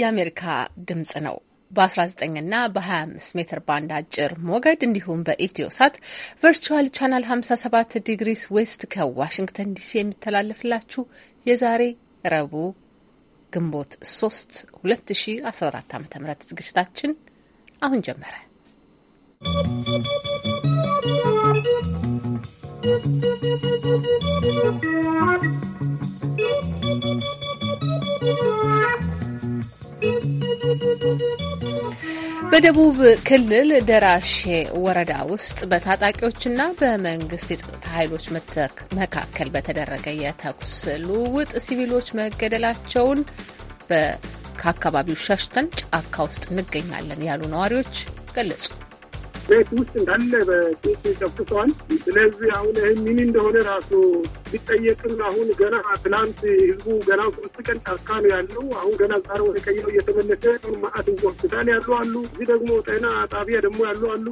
የአሜሪካ ድምጽ ነው። በ19 እና በ25 ሜትር ባንድ አጭር ሞገድ እንዲሁም በኢትዮ ሳት ቨርቹዋል ቻናል 57 ዲግሪስ ዌስት ከዋሽንግተን ዲሲ የሚተላለፍላችሁ የዛሬ ረቡዕ ግንቦት 3 2014 ዓ ም ዝግጅታችን አሁን ጀመረ። ¶¶ በደቡብ ክልል ደራሼ ወረዳ ውስጥ በታጣቂዎችና በመንግስት የጸጥታ ኃይሎች መካከል በተደረገ የተኩስ ልውውጥ ሲቪሎች መገደላቸውን ከአካባቢው ሸሽተን ጫካ ውስጥ እንገኛለን ያሉ ነዋሪዎች ገለጹ። ቤት ውስጥ እንዳለ በጭስ ጨፍጥሰዋል። ስለዚህ አሁን ይህ ምን እንደሆነ ራሱ ቢጠየቅም አሁን ገና ትላንት ህዝቡ ገና ሶስት ቀን ጫካ ነው ያለው። አሁን ገና ዛሬ ወደ ቀየው እየተመለሰ ማአት ሆስፒታል ያሉ አሉ፣ እዚህ ደግሞ ጤና ጣቢያ ደግሞ ያሉ አሉ።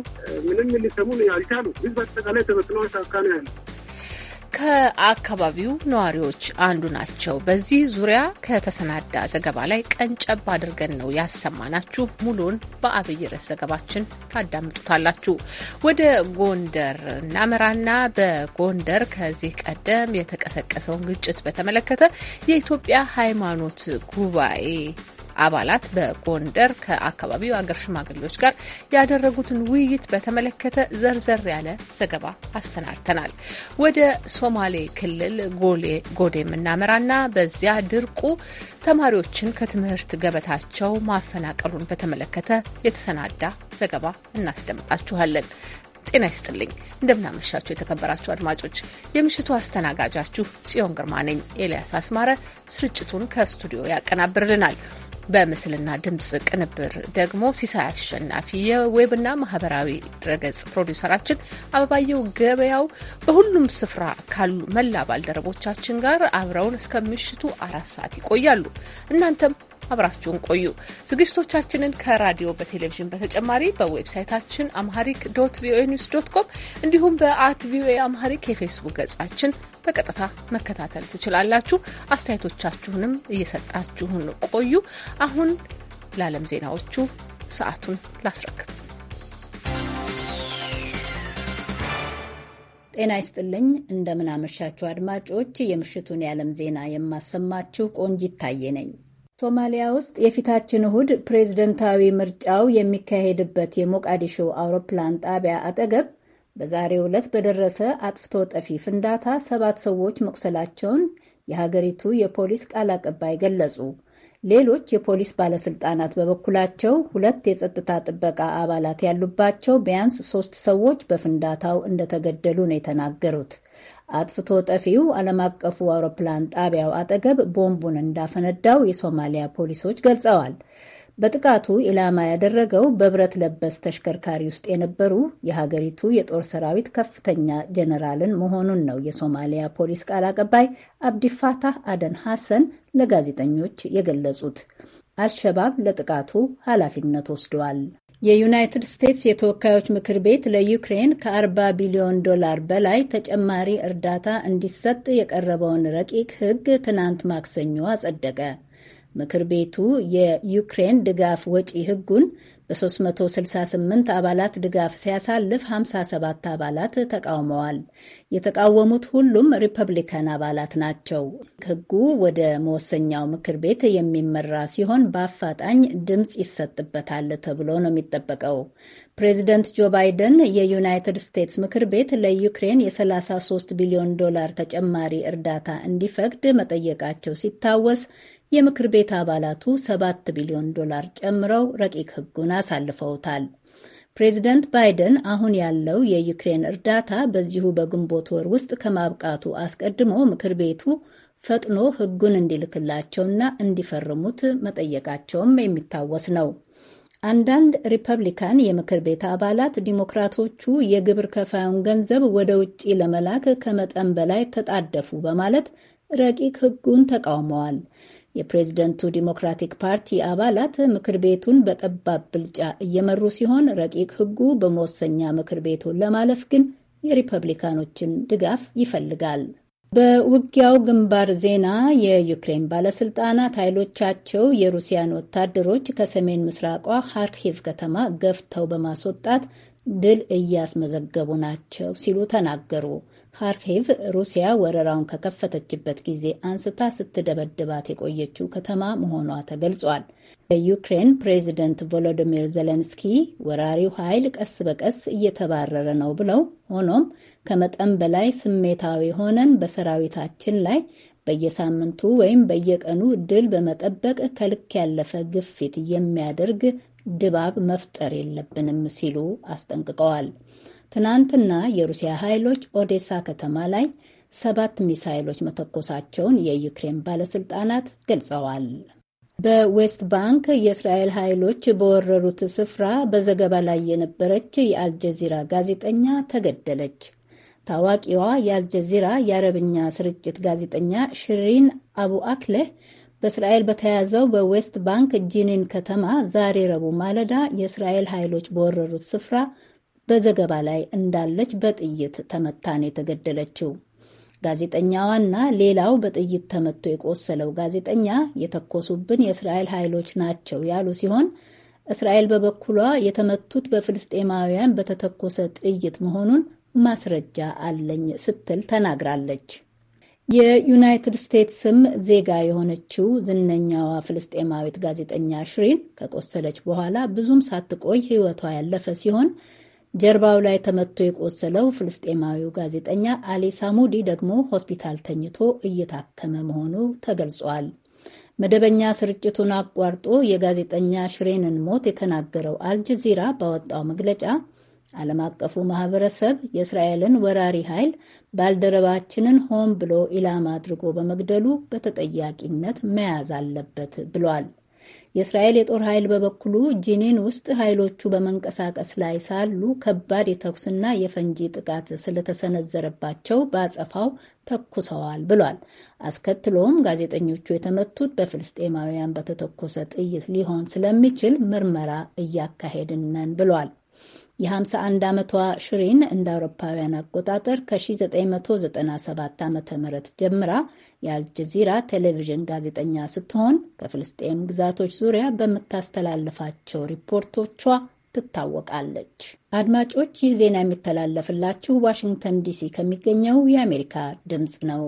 ምንም ሊሰሙን ያልቻሉ ህዝብ አጠቃላይ ተበትነዋል። ጫካ ነው ያለው። ከአካባቢው ነዋሪዎች አንዱ ናቸው። በዚህ ዙሪያ ከተሰናዳ ዘገባ ላይ ቀንጨብ አድርገን ነው ያሰማናችሁ። ሙሉን በአብይ ርዕስ ዘገባችን ታዳምጡታላችሁ። ወደ ጎንደር እናመራና በጎንደር ከዚህ ቀደም የተቀሰቀሰውን ግጭት በተመለከተ የኢትዮጵያ ሃይማኖት ጉባኤ አባላት በጎንደር ከአካባቢው አገር ሽማግሌዎች ጋር ያደረጉትን ውይይት በተመለከተ ዘርዘር ያለ ዘገባ አሰናድተናል። ወደ ሶማሌ ክልል ጎዴ የምናመራና በዚያ ድርቁ ተማሪዎችን ከትምህርት ገበታቸው ማፈናቀሉን በተመለከተ የተሰናዳ ዘገባ እናስደምጣችኋለን። ጤና ይስጥልኝ። እንደምናመሻችሁ የተከበራችሁ አድማጮች፣ የምሽቱ አስተናጋጃችሁ ጽዮን ግርማ ነኝ። ኤልያስ አስማረ ስርጭቱን ከስቱዲዮ ያቀናብርልናል። በምስልና ድምፅ ቅንብር ደግሞ ሲሳይ አሸናፊ፣ የዌብና ማህበራዊ ድረገጽ ፕሮዲውሰራችን አበባየው ገበያው በሁሉም ስፍራ ካሉ መላ ባልደረቦቻችን ጋር አብረውን እስከ ምሽቱ አራት ሰዓት ይቆያሉ። እናንተም አብራችሁን ቆዩ። ዝግጅቶቻችንን ከራዲዮ በቴሌቪዥን በተጨማሪ በዌብሳይታችን አምሃሪክ ዶት ቪኦኤ ኒውስ ዶት ኮም እንዲሁም በአት ቪኦኤ አምሃሪክ የፌስቡክ ገጻችን በቀጥታ መከታተል ትችላላችሁ። አስተያየቶቻችሁንም እየሰጣችሁን ቆዩ። አሁን ለዓለም ዜናዎቹ ሰዓቱን ላስረክብ። ጤና ይስጥልኝ። እንደምናመሻችሁ አድማጮች፣ የምሽቱን የዓለም ዜና የማሰማችሁ ቆንጂት ታዬ ነኝ። ሶማሊያ ውስጥ የፊታችን እሁድ ፕሬዝደንታዊ ምርጫው የሚካሄድበት የሞቃዲሾ አውሮፕላን ጣቢያ አጠገብ በዛሬው ዕለት በደረሰ አጥፍቶ ጠፊ ፍንዳታ ሰባት ሰዎች መቁሰላቸውን የሀገሪቱ የፖሊስ ቃል አቀባይ ገለጹ። ሌሎች የፖሊስ ባለስልጣናት በበኩላቸው ሁለት የጸጥታ ጥበቃ አባላት ያሉባቸው ቢያንስ ሶስት ሰዎች በፍንዳታው እንደተገደሉ ነው የተናገሩት። አጥፍቶ ጠፊው ዓለም አቀፉ አውሮፕላን ጣቢያው አጠገብ ቦምቡን እንዳፈነዳው የሶማሊያ ፖሊሶች ገልጸዋል። በጥቃቱ ኢላማ ያደረገው በብረት ለበስ ተሽከርካሪ ውስጥ የነበሩ የሀገሪቱ የጦር ሰራዊት ከፍተኛ ጀነራልን መሆኑን ነው የሶማሊያ ፖሊስ ቃል አቀባይ አብዲፋታህ አደን ሐሰን ለጋዜጠኞች የገለጹት። አልሸባብ ለጥቃቱ ኃላፊነት ወስደዋል። የዩናይትድ ስቴትስ የተወካዮች ምክር ቤት ለዩክሬን ከ40 ቢሊዮን ዶላር በላይ ተጨማሪ እርዳታ እንዲሰጥ የቀረበውን ረቂቅ ሕግ ትናንት ማክሰኞ አጸደቀ። ምክር ቤቱ የዩክሬን ድጋፍ ወጪ ህጉን በ368 አባላት ድጋፍ ሲያሳልፍ 57 አባላት ተቃውመዋል። የተቃወሙት ሁሉም ሪፐብሊካን አባላት ናቸው። ህጉ ወደ መወሰኛው ምክር ቤት የሚመራ ሲሆን በአፋጣኝ ድምፅ ይሰጥበታል ተብሎ ነው የሚጠበቀው። ፕሬዚደንት ጆ ባይደን የዩናይትድ ስቴትስ ምክር ቤት ለዩክሬን የ33 ቢሊዮን ዶላር ተጨማሪ እርዳታ እንዲፈቅድ መጠየቃቸው ሲታወስ የምክር ቤት አባላቱ 7 ቢሊዮን ዶላር ጨምረው ረቂቅ ሕጉን አሳልፈውታል። ፕሬዚደንት ባይደን አሁን ያለው የዩክሬን እርዳታ በዚሁ በግንቦት ወር ውስጥ ከማብቃቱ አስቀድሞ ምክር ቤቱ ፈጥኖ ሕጉን እንዲልክላቸውና እንዲፈርሙት መጠየቃቸውም የሚታወስ ነው። አንዳንድ ሪፐብሊካን የምክር ቤት አባላት ዲሞክራቶቹ የግብር ከፋዩን ገንዘብ ወደ ውጭ ለመላክ ከመጠን በላይ ተጣደፉ በማለት ረቂቅ ሕጉን ተቃውመዋል። የፕሬዝደንቱ ዲሞክራቲክ ፓርቲ አባላት ምክር ቤቱን በጠባብ ብልጫ እየመሩ ሲሆን ረቂቅ ሕጉ በመወሰኛ ምክር ቤቱ ለማለፍ ግን የሪፐብሊካኖችን ድጋፍ ይፈልጋል። በውጊያው ግንባር ዜና የዩክሬን ባለስልጣናት ኃይሎቻቸው የሩሲያን ወታደሮች ከሰሜን ምስራቋ ሃርኪቭ ከተማ ገፍተው በማስወጣት ድል እያስመዘገቡ ናቸው ሲሉ ተናገሩ። ካርኬቭ ሩሲያ ወረራውን ከከፈተችበት ጊዜ አንስታ ስትደበድባት የቆየችው ከተማ መሆኗ ተገልጿል። የዩክሬን ፕሬዚደንት ቮሎዲሚር ዘሌንስኪ ወራሪው ኃይል ቀስ በቀስ እየተባረረ ነው ብለው፣ ሆኖም ከመጠን በላይ ስሜታዊ ሆነን በሰራዊታችን ላይ በየሳምንቱ ወይም በየቀኑ ድል በመጠበቅ ከልክ ያለፈ ግፊት የሚያደርግ ድባብ መፍጠር የለብንም ሲሉ አስጠንቅቀዋል። ትናንትና የሩሲያ ኃይሎች ኦዴሳ ከተማ ላይ ሰባት ሚሳይሎች መተኮሳቸውን የዩክሬን ባለስልጣናት ገልጸዋል። በዌስት ባንክ የእስራኤል ኃይሎች በወረሩት ስፍራ በዘገባ ላይ የነበረች የአልጀዚራ ጋዜጠኛ ተገደለች። ታዋቂዋ የአልጀዚራ የአረብኛ ስርጭት ጋዜጠኛ ሽሪን አቡ አክሌህ በእስራኤል በተያዘው በዌስት ባንክ ጂኒን ከተማ ዛሬ ረቡዕ ማለዳ የእስራኤል ኃይሎች በወረሩት ስፍራ በዘገባ ላይ እንዳለች በጥይት ተመታን የተገደለችው። ጋዜጠኛዋና ሌላው በጥይት ተመቶ የቆሰለው ጋዜጠኛ የተኮሱብን የእስራኤል ኃይሎች ናቸው ያሉ ሲሆን እስራኤል በበኩሏ የተመቱት በፍልስጤማውያን በተተኮሰ ጥይት መሆኑን ማስረጃ አለኝ ስትል ተናግራለች። የዩናይትድ ስቴትስም ዜጋ የሆነችው ዝነኛዋ ፍልስጤማዊት ጋዜጠኛ ሽሪን ከቆሰለች በኋላ ብዙም ሳትቆይ ሕይወቷ ያለፈ ሲሆን ጀርባው ላይ ተመትቶ የቆሰለው ፍልስጤማዊው ጋዜጠኛ አሊ ሳሙዲ ደግሞ ሆስፒታል ተኝቶ እየታከመ መሆኑ ተገልጿል። መደበኛ ስርጭቱን አቋርጦ የጋዜጠኛ ሽሬንን ሞት የተናገረው አልጀዚራ ባወጣው መግለጫ ዓለም አቀፉ ማህበረሰብ የእስራኤልን ወራሪ ኃይል ባልደረባችንን ሆን ብሎ ኢላማ አድርጎ በመግደሉ በተጠያቂነት መያዝ አለበት ብሏል። የእስራኤል የጦር ኃይል በበኩሉ ጂኒን ውስጥ ኃይሎቹ በመንቀሳቀስ ላይ ሳሉ ከባድ የተኩስና የፈንጂ ጥቃት ስለተሰነዘረባቸው በአጸፋው ተኩሰዋል ብሏል። አስከትሎም ጋዜጠኞቹ የተመቱት በፍልስጤማውያን በተተኮሰ ጥይት ሊሆን ስለሚችል ምርመራ እያካሄድን ብሏል። የ51 ዓመቷ ሽሪን እንደ አውሮፓውያን አቆጣጠር ከ1997 ዓ ም ጀምራ የአልጀዚራ ቴሌቪዥን ጋዜጠኛ ስትሆን ከፍልስጤም ግዛቶች ዙሪያ በምታስተላልፋቸው ሪፖርቶቿ ትታወቃለች። አድማጮች፣ ይህ ዜና የሚተላለፍላችሁ ዋሽንግተን ዲሲ ከሚገኘው የአሜሪካ ድምፅ ነው።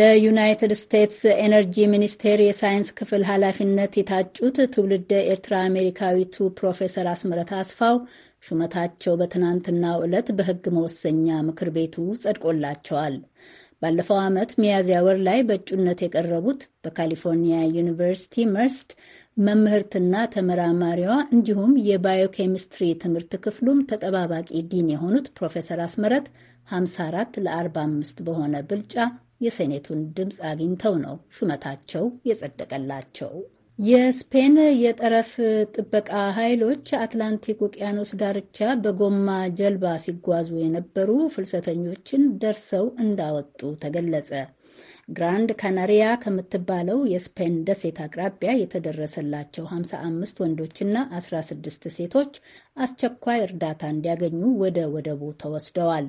ለዩናይትድ ስቴትስ ኤነርጂ ሚኒስቴር የሳይንስ ክፍል ኃላፊነት የታጩት ትውልደ ኤርትራ አሜሪካዊቱ ፕሮፌሰር አስምረት አስፋው ሹመታቸው በትናንትናው ዕለት በሕግ መወሰኛ ምክር ቤቱ ጸድቆላቸዋል። ባለፈው ዓመት ሚያዝያ ወር ላይ በእጩነት የቀረቡት በካሊፎርኒያ ዩኒቨርሲቲ መርስድ መምህርትና ተመራማሪዋ እንዲሁም የባዮኬሚስትሪ ትምህርት ክፍሉም ተጠባባቂ ዲን የሆኑት ፕሮፌሰር አስመረት 54 ለ45 በሆነ ብልጫ የሴኔቱን ድምፅ አግኝተው ነው ሹመታቸው የጸደቀላቸው። የስፔን የጠረፍ ጥበቃ ኃይሎች አትላንቲክ ውቅያኖስ ዳርቻ በጎማ ጀልባ ሲጓዙ የነበሩ ፍልሰተኞችን ደርሰው እንዳወጡ ተገለጸ። ግራንድ ካናሪያ ከምትባለው የስፔን ደሴት አቅራቢያ የተደረሰላቸው 55 ወንዶችና 16 ሴቶች አስቸኳይ እርዳታ እንዲያገኙ ወደ ወደቡ ተወስደዋል።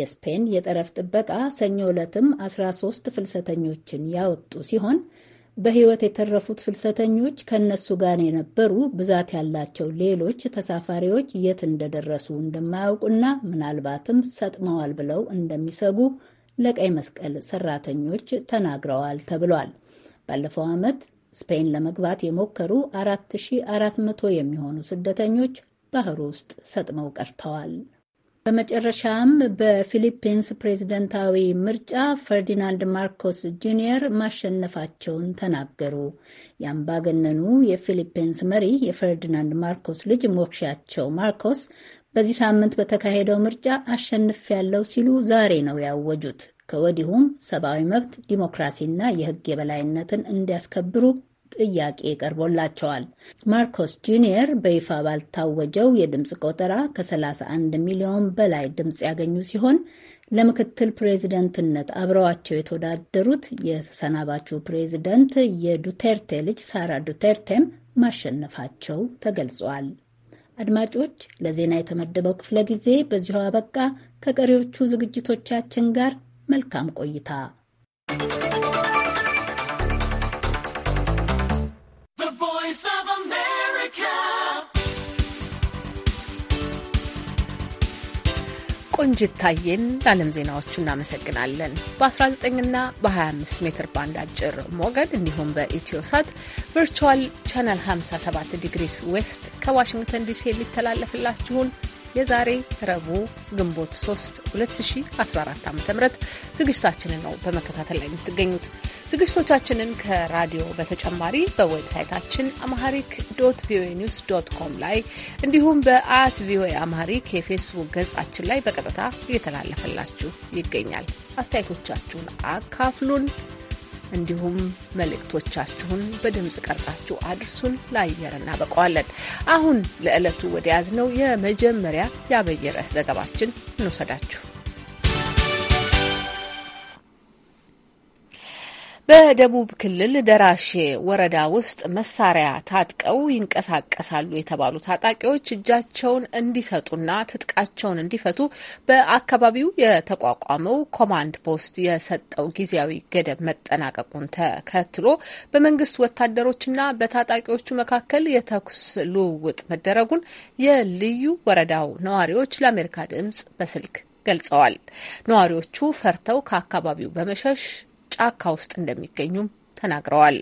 የስፔን የጠረፍ ጥበቃ ሰኞ ዕለትም 13 ፍልሰተኞችን ያወጡ ሲሆን በህይወት የተረፉት ፍልሰተኞች ከነሱ ጋር የነበሩ ብዛት ያላቸው ሌሎች ተሳፋሪዎች የት እንደደረሱ እንደማያውቁና ምናልባትም ሰጥመዋል ብለው እንደሚሰጉ ለቀይ መስቀል ሰራተኞች ተናግረዋል ተብሏል። ባለፈው ዓመት ስፔን ለመግባት የሞከሩ 4400 የሚሆኑ ስደተኞች ባህሩ ውስጥ ሰጥመው ቀርተዋል። በመጨረሻም በፊሊፒንስ ፕሬዝደንታዊ ምርጫ ፈርዲናንድ ማርኮስ ጁኒየር ማሸነፋቸውን ተናገሩ። የአምባገነኑ የፊሊፒንስ መሪ የፈርዲናንድ ማርኮስ ልጅ ሞክሻቸው ማርኮስ በዚህ ሳምንት በተካሄደው ምርጫ አሸንፍ ያለው ሲሉ ዛሬ ነው ያወጁት። ከወዲሁም ሰብአዊ መብት ዲሞክራሲና የሕግ የበላይነትን እንዲያስከብሩ ጥያቄ ቀርቦላቸዋል። ማርኮስ ጁኒየር በይፋ ባልታወጀው የድምፅ ቆጠራ ከ31 ሚሊዮን በላይ ድምፅ ያገኙ ሲሆን ለምክትል ፕሬዚደንትነት አብረዋቸው የተወዳደሩት የተሰናባቹ ፕሬዚደንት የዱቴርቴ ልጅ ሳራ ዱቴርቴም ማሸነፋቸው ተገልጿል። አድማጮች፣ ለዜና የተመደበው ክፍለ ጊዜ በዚሁ አበቃ። ከቀሪዎቹ ዝግጅቶቻችን ጋር መልካም ቆይታ ቆንጅታዬን ለዓለም ዜናዎቹ እናመሰግናለን። በ19ና በ25 ሜትር ባንድ አጭር ሞገድ እንዲሁም በኢትዮ ሳት ቨርቹዋል ቻናል 57 ዲግሪስ ዌስት ከዋሽንግተን ዲሲ የሚተላለፍላችሁን የዛሬ ረቡዕ ግንቦት 3 2014 ዓ ም ዝግጅታችንን ነው በመከታተል ላይ የምትገኙት። ዝግጅቶቻችንን ከራዲዮ በተጨማሪ በዌብሳይታችን አማሃሪክ ዶት ቪኦኤ ኒውስ ዶት ኮም ላይ እንዲሁም በአት ቪኦኤ አማሃሪክ የፌስቡክ ገጻችን ላይ በቀጥታ እየተላለፈላችሁ ይገኛል። አስተያየቶቻችሁን አካፍሉን። እንዲሁም መልእክቶቻችሁን በድምፅ ቀርጻችሁ አድርሱን። ለአየር እናበቀዋለን። አሁን ለዕለቱ ወደ ያዝነው የመጀመሪያ የአብይ ርዕስ ዘገባችን እንውሰዳችሁ። በደቡብ ክልል ደራሼ ወረዳ ውስጥ መሳሪያ ታጥቀው ይንቀሳቀሳሉ የተባሉ ታጣቂዎች እጃቸውን እንዲሰጡና ትጥቃቸውን እንዲፈቱ በአካባቢው የተቋቋመው ኮማንድ ፖስት የሰጠው ጊዜያዊ ገደብ መጠናቀቁን ተከትሎ በመንግስት ወታደሮችና በታጣቂዎቹ መካከል የተኩስ ልውውጥ መደረጉን የልዩ ወረዳው ነዋሪዎች ለአሜሪካ ድምጽ በስልክ ገልጸዋል። ነዋሪዎቹ ፈርተው ከአካባቢው በመሸሽ ጫካ ውስጥ እንደሚገኙም ተናግረዋል።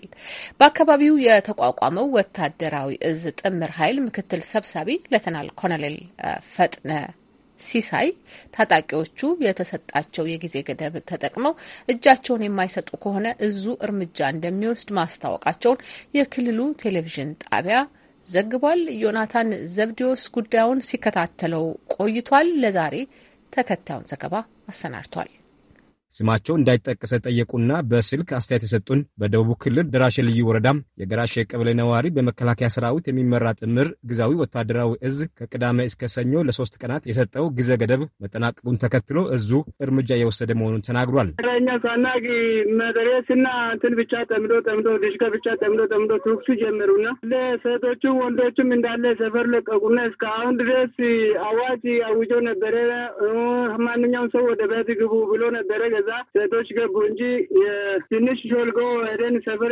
በአካባቢው የተቋቋመው ወታደራዊ እዝ ጥምር ኃይል ምክትል ሰብሳቢ ሌተናል ኮሎኔል ፈጥነ ሲሳይ ታጣቂዎቹ የተሰጣቸው የጊዜ ገደብ ተጠቅመው እጃቸውን የማይሰጡ ከሆነ እዙ እርምጃ እንደሚወስድ ማስታወቃቸውን የክልሉ ቴሌቪዥን ጣቢያ ዘግቧል። ዮናታን ዘብዲዎስ ጉዳዩን ሲከታተለው ቆይቷል። ለዛሬ ተከታዩን ዘገባ አሰናድቷል። ስማቸው እንዳይጠቀሰ ጠየቁና በስልክ አስተያየት የሰጡን በደቡብ ክልል ደራሼ ልዩ ወረዳም የገራሼ ቀበሌ ነዋሪ በመከላከያ ሰራዊት የሚመራ ጥምር ግዛዊ ወታደራዊ እዝ ከቅዳሜ እስከ ሰኞ ለሶስት ቀናት የሰጠው ጊዜ ገደብ መጠናቀቁን ተከትሎ እዙ እርምጃ የወሰደ መሆኑን ተናግሯል። ረኛ ሳናጊ መደሬስና እንትን ብቻ ጠምዶ ጠምዶ ድሽከ ብቻ ጠምዶ ጠምዶ ትኩሱ ጀመሩና ለሴቶቹም ወንዶችም እንዳለ ሰፈር ለቀቁና እስከ አሁን ድረስ አዋጅ አውጆ ነበረ። ማንኛውም ሰው ወደ ቤት ግቡ ብሎ ነበረ። ከዛ ሴቶች ገቡ እንጂ ትንሽ ሾልጎ ሄደን ሰፈር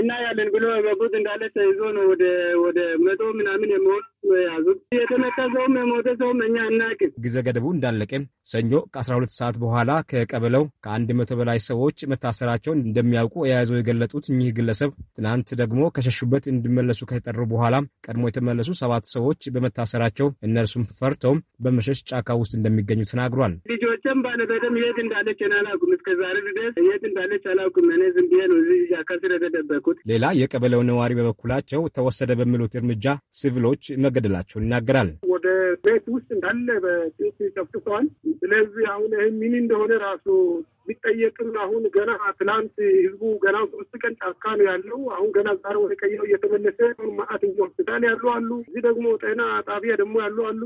እናያለን ብሎ የገቡት እንዳለ ተይዞ ነው ወደ ወደ መቶ ምናምን የሚሆን የያዙት። የተመታ ሰውም የሞተ ሰውም እኛ አናውቅም። ጊዜ ገደቡ እንዳለቀ ሰኞ ከ12 ሰዓት በኋላ ከቀበለው ከአንድ መቶ በላይ ሰዎች መታሰራቸውን እንደሚያውቁ የያዘው የገለጡት እኚህ ግለሰብ ትናንት ደግሞ ከሸሹበት እንዲመለሱ ከተጠሩ በኋላ ቀድሞ የተመለሱ ሰባት ሰዎች በመታሰራቸው እነርሱም ፈርተው በመሸሽ ጫካ ውስጥ እንደሚገኙ ተናግሯል። ልጆችም ባለቤትም የት እንዳለች አላውቅም። እስከዛሬ ድረስ የት እንዳለች አላውቅም። እኔ ዝም ብዬ ነው እዚህ ጫካ ስለተደበኩት። ሌላ የቀበለው ነዋሪ በበኩላቸው ተወሰደ በሚሉት እርምጃ ሲቪሎች መገ መገደላቸውን ይናገራል። ወደ ቤት ውስጥ እንዳለ በጥይት ጨፍጭፈዋል። ስለዚህ አሁን ይህ ምን እንደሆነ ራሱ ቢጠየቅም አሁን ገና ትላንት ህዝቡ ገና ሶስት ቀን ጫካ ነው ያለው። አሁን ገና ዛሬ ወደ ቀየው እየተመለሰ ማአት እንጂ ሆስፒታል ያሉ አሉ፣ እዚህ ደግሞ ጤና ጣቢያ ደግሞ ያሉ አሉ።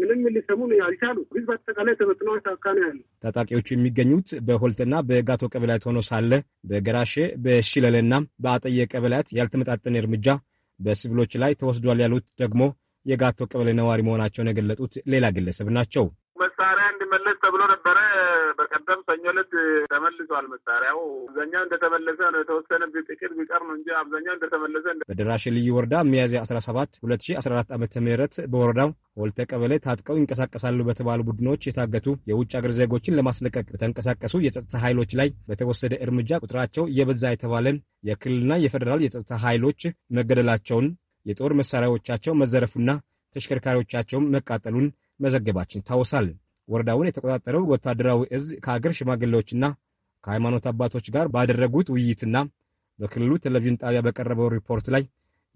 ምንም ሊሰሙን ያልቻሉ ህዝብ አጠቃላይ ተበትኖ ጫካ ነው ያለው። ታጣቂዎቹ የሚገኙት በሆልትና በጋቶ ቀበላያት ሆኖ ሳለ በገራሼ በሽለለና በአጠየ ቀበሌያት ያልተመጣጠነ እርምጃ በሲቪሎች ላይ ተወስዷል ያሉት ደግሞ የጋቶ ቀበሌ ነዋሪ መሆናቸውን የገለጡት ሌላ ግለሰብ ናቸው። መሳሪያ እንዲመለስ ተብሎ ነበረ። በቀደም ሰኞ ዕለት ተመልሷል። መሳሪያው አብዛኛው እንደተመለሰ ነው። የተወሰነ ጥቂት ቢቀር ነው እንጂ አብዛኛው እንደተመለሰ። በደራሽ ልዩ ወረዳ ሚያዝያ 17 2014 ዓ ም በወረዳው ሆልተ ቀበሌ ታጥቀው ይንቀሳቀሳሉ በተባሉ ቡድኖች የታገቱ የውጭ አገር ዜጎችን ለማስለቀቅ በተንቀሳቀሱ የጸጥታ ኃይሎች ላይ በተወሰደ እርምጃ ቁጥራቸው እየበዛ የተባለን የክልልና የፌዴራል የጸጥታ ኃይሎች መገደላቸውን የጦር መሳሪያዎቻቸው መዘረፉና ተሽከርካሪዎቻቸውም መቃጠሉን መዘገባችን ይታወሳል። ወረዳውን የተቆጣጠረው ወታደራዊ እዝ ከአገር ሽማግሌዎችና ከሃይማኖት አባቶች ጋር ባደረጉት ውይይትና በክልሉ ቴሌቪዥን ጣቢያ በቀረበው ሪፖርት ላይ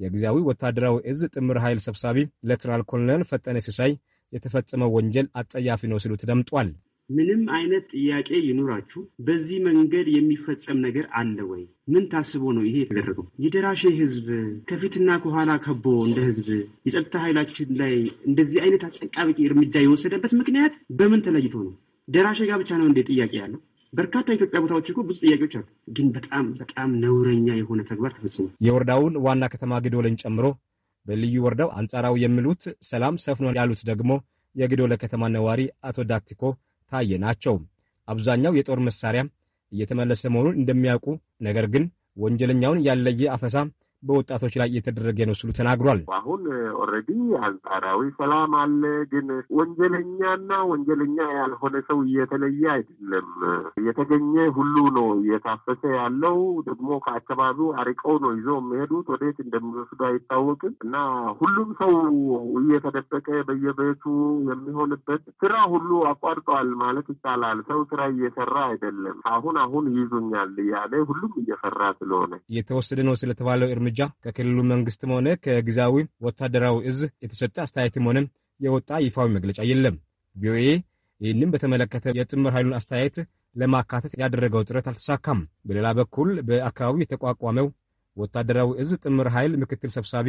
የጊዜያዊ ወታደራዊ እዝ ጥምር ኃይል ሰብሳቢ ሌተናል ኮሎኔል ፈጠነ ሲሳይ የተፈጸመው ወንጀል አጸያፊ ነው ሲሉ ተደምጧል። ምንም አይነት ጥያቄ ይኑራችሁ፣ በዚህ መንገድ የሚፈጸም ነገር አለ ወይ? ምን ታስቦ ነው ይሄ የተደረገው? የደራሼ ህዝብ ከፊትና ከኋላ ከቦ እንደ ህዝብ የጸጥታ ኃይላችን ላይ እንደዚህ አይነት አጸቃቂ እርምጃ የወሰደበት ምክንያት በምን ተለይቶ ነው? ደራሼ ጋር ብቻ ነው እንደ ጥያቄ ያለው? በርካታ የኢትዮጵያ ቦታዎች እኮ ብዙ ጥያቄዎች አሉ። ግን በጣም በጣም ነውረኛ የሆነ ተግባር ተፈጽሟል። የወረዳውን ዋና ከተማ ግዶለን ጨምሮ በልዩ ወረዳው አንጻራዊ የሚሉት ሰላም ሰፍኗል ያሉት ደግሞ የግዶለ ከተማ ነዋሪ አቶ ዳቲኮ ታየ ናቸው። አብዛኛው የጦር መሳሪያ እየተመለሰ መሆኑን እንደሚያውቁ ነገር ግን ወንጀለኛውን ያለየ አፈሳ በወጣቶች ላይ እየተደረገ ነው ስሉ ተናግሯል። አሁን ኦልሬዲ አንጻራዊ ሰላም አለ፣ ግን ወንጀለኛና ወንጀለኛ ያልሆነ ሰው እየተለየ አይደለም። እየተገኘ ሁሉ ነው እየታፈሰ ያለው። ደግሞ ከአካባቢው አርቀው ነው ይዞ የሚሄዱት፣ ወዴት እንደሚወስዱ አይታወቅም እና ሁሉም ሰው እየተደበቀ በየቤቱ የሚሆንበት ስራ ሁሉ አቋርጧል ማለት ይቻላል። ሰው ስራ እየሰራ አይደለም። አሁን አሁን ይዙኛል እያለ ሁሉም እየፈራ ስለሆነ የተወሰደ ነው ስለተባለው እርምጃ ከክልሉ መንግስትም ሆነ ከግዛዊ ወታደራዊ እዝ የተሰጠ አስተያየትም ሆነ የወጣ ይፋዊ መግለጫ የለም። ቪኦኤ ይህንም በተመለከተ የጥምር ኃይሉን አስተያየት ለማካተት ያደረገው ጥረት አልተሳካም። በሌላ በኩል በአካባቢው የተቋቋመው ወታደራዊ እዝ ጥምር ኃይል ምክትል ሰብሳቢ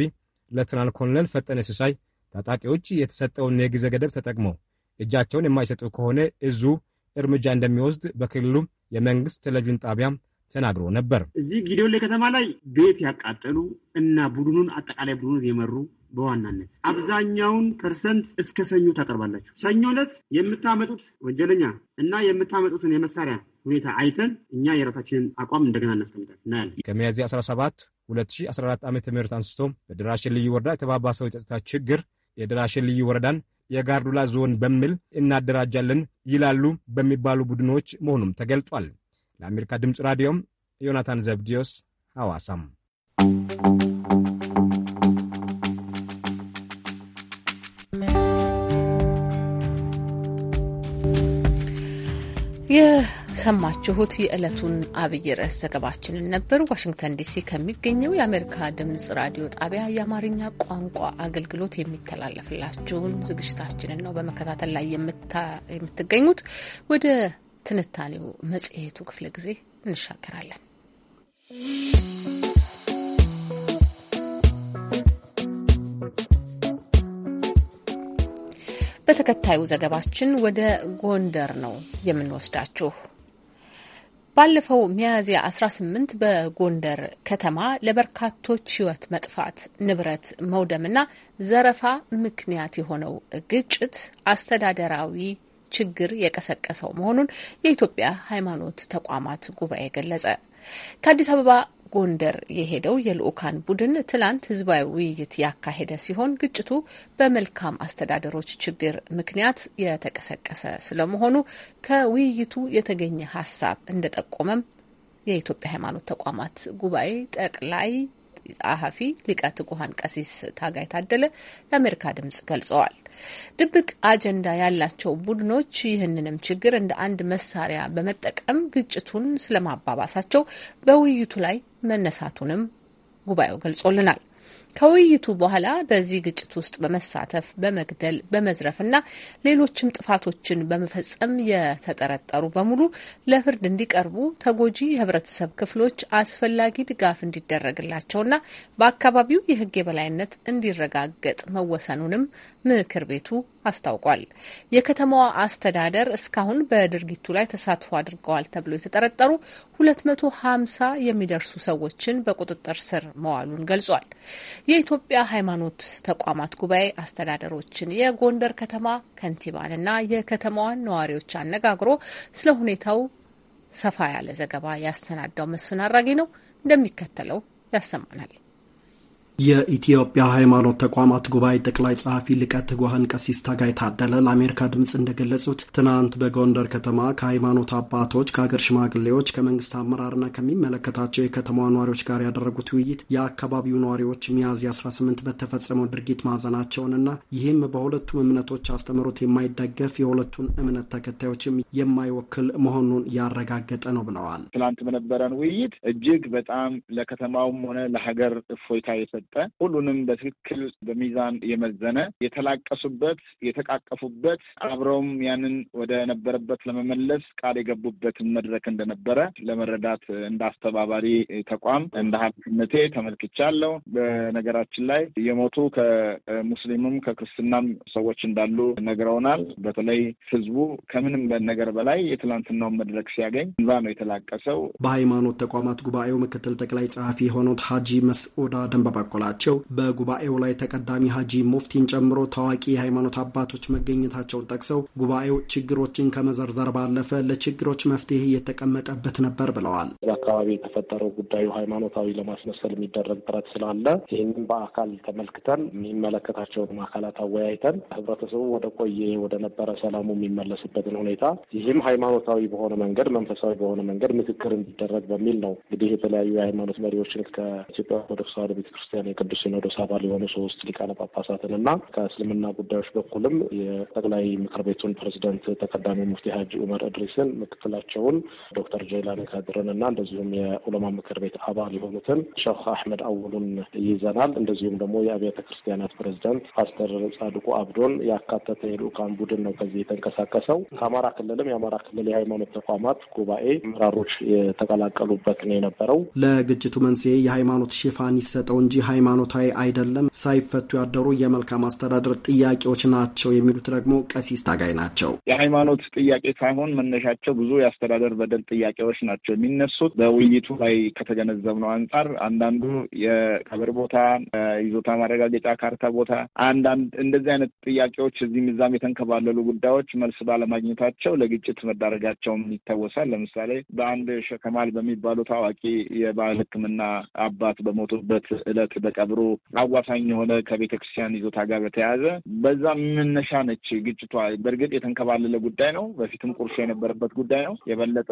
ሌተናል ኮሎኔል ፈጠነ ሲሳይ ታጣቂዎች የተሰጠውን የጊዜ ገደብ ተጠቅመው እጃቸውን የማይሰጡ ከሆነ እዙ እርምጃ እንደሚወስድ በክልሉ የመንግሥት ቴሌቪዥን ጣቢያ ተናግሮ ነበር። እዚህ ጊዲዮሌ ከተማ ላይ ቤት ያቃጠሉ እና ቡድኑን አጠቃላይ ቡድኑን የመሩ በዋናነት አብዛኛውን ፐርሰንት እስከ ሰኞ ታቀርባላችሁ። ሰኞ ዕለት የምታመጡት ወንጀለኛ እና የምታመጡትን የመሳሪያ ሁኔታ አይተን እኛ የራሳችንን አቋም እንደገና እናስቀምጣል እናያለን። ከሚያዝያ 17 2014 ዓ ም አንስቶ በደራሽን ልዩ ወረዳ የተባባሰው የጸጥታ ችግር የደራሽን ልዩ ወረዳን የጋርዱላ ዞን በሚል እናደራጃለን ይላሉ በሚባሉ ቡድኖች መሆኑም ተገልጧል። ለአሜሪካ ድምፅ ራዲዮም ዮናታን ዘብዲዮስ ሐዋሳም የሰማችሁት የዕለቱን አብይ ርዕስ ዘገባችንን ነበር። ዋሽንግተን ዲሲ ከሚገኘው የአሜሪካ ድምጽ ራዲዮ ጣቢያ የአማርኛ ቋንቋ አገልግሎት የሚተላለፍላችሁን ዝግጅታችንን ነው በመከታተል ላይ የምትገኙት ወደ ትንታኔው መጽሔቱ ክፍለ ጊዜ እንሻገራለን። በተከታዩ ዘገባችን ወደ ጎንደር ነው የምንወስዳችሁ። ባለፈው ሚያዝያ 18 በጎንደር ከተማ ለበርካቶች ሕይወት መጥፋት፣ ንብረት መውደምና ዘረፋ ምክንያት የሆነው ግጭት አስተዳደራዊ ችግር የቀሰቀሰው መሆኑን የኢትዮጵያ ሃይማኖት ተቋማት ጉባኤ ገለጸ። ከአዲስ አበባ ጎንደር የሄደው የልዑካን ቡድን ትላንት ህዝባዊ ውይይት ያካሄደ ሲሆን ግጭቱ በመልካም አስተዳደሮች ችግር ምክንያት የተቀሰቀሰ ስለመሆኑ ከውይይቱ የተገኘ ሀሳብ እንደጠቆመም የኢትዮጵያ ሃይማኖት ተቋማት ጉባኤ ጠቅላይ ጸሐፊ ሊቀ ትጉሃን ቀሲስ ታጋይ ታደለ ለአሜሪካ ድምጽ ገልጸዋል። ድብቅ አጀንዳ ያላቸው ቡድኖች ይህንንም ችግር እንደ አንድ መሳሪያ በመጠቀም ግጭቱን ስለማባባሳቸው በውይይቱ ላይ መነሳቱንም ጉባኤው ገልጾልናል። ከውይይቱ በኋላ በዚህ ግጭት ውስጥ በመሳተፍ በመግደል፣ በመዝረፍና ሌሎችም ጥፋቶችን በመፈጸም የተጠረጠሩ በሙሉ ለፍርድ እንዲቀርቡ ተጎጂ የህብረተሰብ ክፍሎች አስፈላጊ ድጋፍ እንዲደረግላቸውና በአካባቢው የህግ የበላይነት እንዲረጋገጥ መወሰኑንም ምክር ቤቱ አስታውቋል። የከተማዋ አስተዳደር እስካሁን በድርጊቱ ላይ ተሳትፎ አድርገዋል ተብሎ የተጠረጠሩ 250 የሚደርሱ ሰዎችን በቁጥጥር ስር መዋሉን ገልጿል። የኢትዮጵያ ሃይማኖት ተቋማት ጉባኤ አስተዳደሮችን፣ የጎንደር ከተማ ከንቲባንና የከተማዋን ነዋሪዎች አነጋግሮ ስለ ሁኔታው ሰፋ ያለ ዘገባ ያሰናዳው መስፍን አድራጊ ነው እንደሚከተለው ያሰማናል። የኢትዮጵያ ሃይማኖት ተቋማት ጉባኤ ጠቅላይ ጸሐፊ ሊቀ ትጉሃን ቀሲስ ታጋይ ታደለ ለአሜሪካ ድምፅ እንደገለጹት ትናንት በጎንደር ከተማ ከሃይማኖት አባቶች፣ ከሀገር ሽማግሌዎች፣ ከመንግስት አመራርና ከሚመለከታቸው የከተማዋ ነዋሪዎች ጋር ያደረጉት ውይይት የአካባቢው ነዋሪዎች ሚያዝያ 18 በተፈጸመው ድርጊት ማዘናቸውንና ይህም በሁለቱም እምነቶች አስተምሮት የማይደገፍ የሁለቱን እምነት ተከታዮችም የማይወክል መሆኑን ያረጋገጠ ነው ብለዋል። ትናንት በነበረን ውይይት እጅግ በጣም ለከተማውም ሆነ ለሀገር እፎይታ የሰ የሰጠ ሁሉንም በትክክል በሚዛን የመዘነ የተላቀሱበት፣ የተቃቀፉበት አብረውም ያንን ወደ ነበረበት ለመመለስ ቃል የገቡበትን መድረክ እንደነበረ ለመረዳት እንደ አስተባባሪ ተቋም እንደ ኃላፊነቴ ተመልክቻለሁ። በነገራችን ላይ የሞቱ ከሙስሊምም ከክርስትናም ሰዎች እንዳሉ ነግረውናል። በተለይ ህዝቡ ከምንም ነገር በላይ የትላንትናውን መድረክ ሲያገኝ እንባ ነው የተላቀሰው። በሃይማኖት ተቋማት ጉባኤው ምክትል ጠቅላይ ጸሐፊ የሆኑት ሀጂ መስዑዳ ደንበባቆ በበኩላቸው በጉባኤው ላይ ተቀዳሚ ሀጂ ሙፍቲን ጨምሮ ታዋቂ የሃይማኖት አባቶች መገኘታቸውን ጠቅሰው ጉባኤው ችግሮችን ከመዘርዘር ባለፈ ለችግሮች መፍትሄ የተቀመጠበት ነበር ብለዋል። በአካባቢ የተፈጠረው ጉዳዩ ሃይማኖታዊ ለማስመሰል የሚደረግ ጥረት ስላለ ይህንም በአካል ተመልክተን የሚመለከታቸውን አካላት አወያይተን ህብረተሰቡ ወደ ቆየ ወደ ነበረ ሰላሙ የሚመለስበትን ሁኔታ ይህም ሃይማኖታዊ በሆነ መንገድ መንፈሳዊ በሆነ መንገድ ምክክር እንዲደረግ በሚል ነው እንግዲህ የተለያዩ የሃይማኖት መሪዎችን ከኢትዮጵያ ኦርቶዶክስ ተዋሕዶ ቤተክርስቲያን የቅዱስ ሲኖዶስ አባል የሆኑ ሶስት ሊቃነ ጳጳሳትን እና ከእስልምና ጉዳዮች በኩልም የጠቅላይ ምክር ቤቱን ፕሬዚደንት ተቀዳሚ ሙፍቲ ሀጂ ኡመር እድሪስን፣ ምክትላቸውን ዶክተር ጀይላኒ ካድርን እና እንደዚሁም የዑለማ ምክር ቤት አባል የሆኑትን ሼክ አህመድ አውሉን ይይዘናል። እንደዚሁም ደግሞ የአብያተ ክርስቲያናት ፕሬዚደንት ፓስተር ጻድቁ አብዶን ያካተተ የልኡካን ቡድን ነው ከዚህ የተንቀሳቀሰው። ከአማራ ክልልም የአማራ ክልል የሃይማኖት ተቋማት ጉባኤ አመራሮች የተቀላቀሉበት ነው የነበረው። ለግጭቱ መንስኤ የሃይማኖት ሽፋን ይሰጠው እንጂ ሃይማኖታዊ አይደለም፣ ሳይፈቱ ያደሩ የመልካም አስተዳደር ጥያቄዎች ናቸው የሚሉት ደግሞ ቀሲስ ታጋይ ናቸው። የሃይማኖት ጥያቄ ሳይሆን መነሻቸው ብዙ የአስተዳደር በደል ጥያቄዎች ናቸው የሚነሱት። በውይይቱ ላይ ከተገነዘብነው አንጻር አንዳንዱ የቀብር ቦታ ይዞታ ማረጋገጫ ካርታ ቦታ፣ አንዳንድ እንደዚህ አይነት ጥያቄዎች እዚህም እዛም የተንከባለሉ ጉዳዮች መልስ ባለማግኘታቸው ለግጭት መዳረጋቸውም ይታወሳል። ለምሳሌ በአንድ ሸከማል በሚባሉ ታዋቂ የባህል ሕክምና አባት በሞቱበት እለት በቀብሮ አዋሳኝ የሆነ ከቤተ ክርስቲያን ይዞታ ጋር በተያያዘ በዛ መነሻ ነች ግጭቷ። በእርግጥ የተንከባለለ ጉዳይ ነው። በፊትም ቁርሾ የነበረበት ጉዳይ ነው። የበለጠ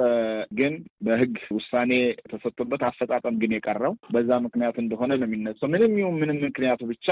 ግን በህግ ውሳኔ ተሰጥቶበት አፈጣጠም ግን የቀረው በዛ ምክንያት እንደሆነ ነው የሚነሳው። ምንም ይሁን ምንም ምክንያቱ ብቻ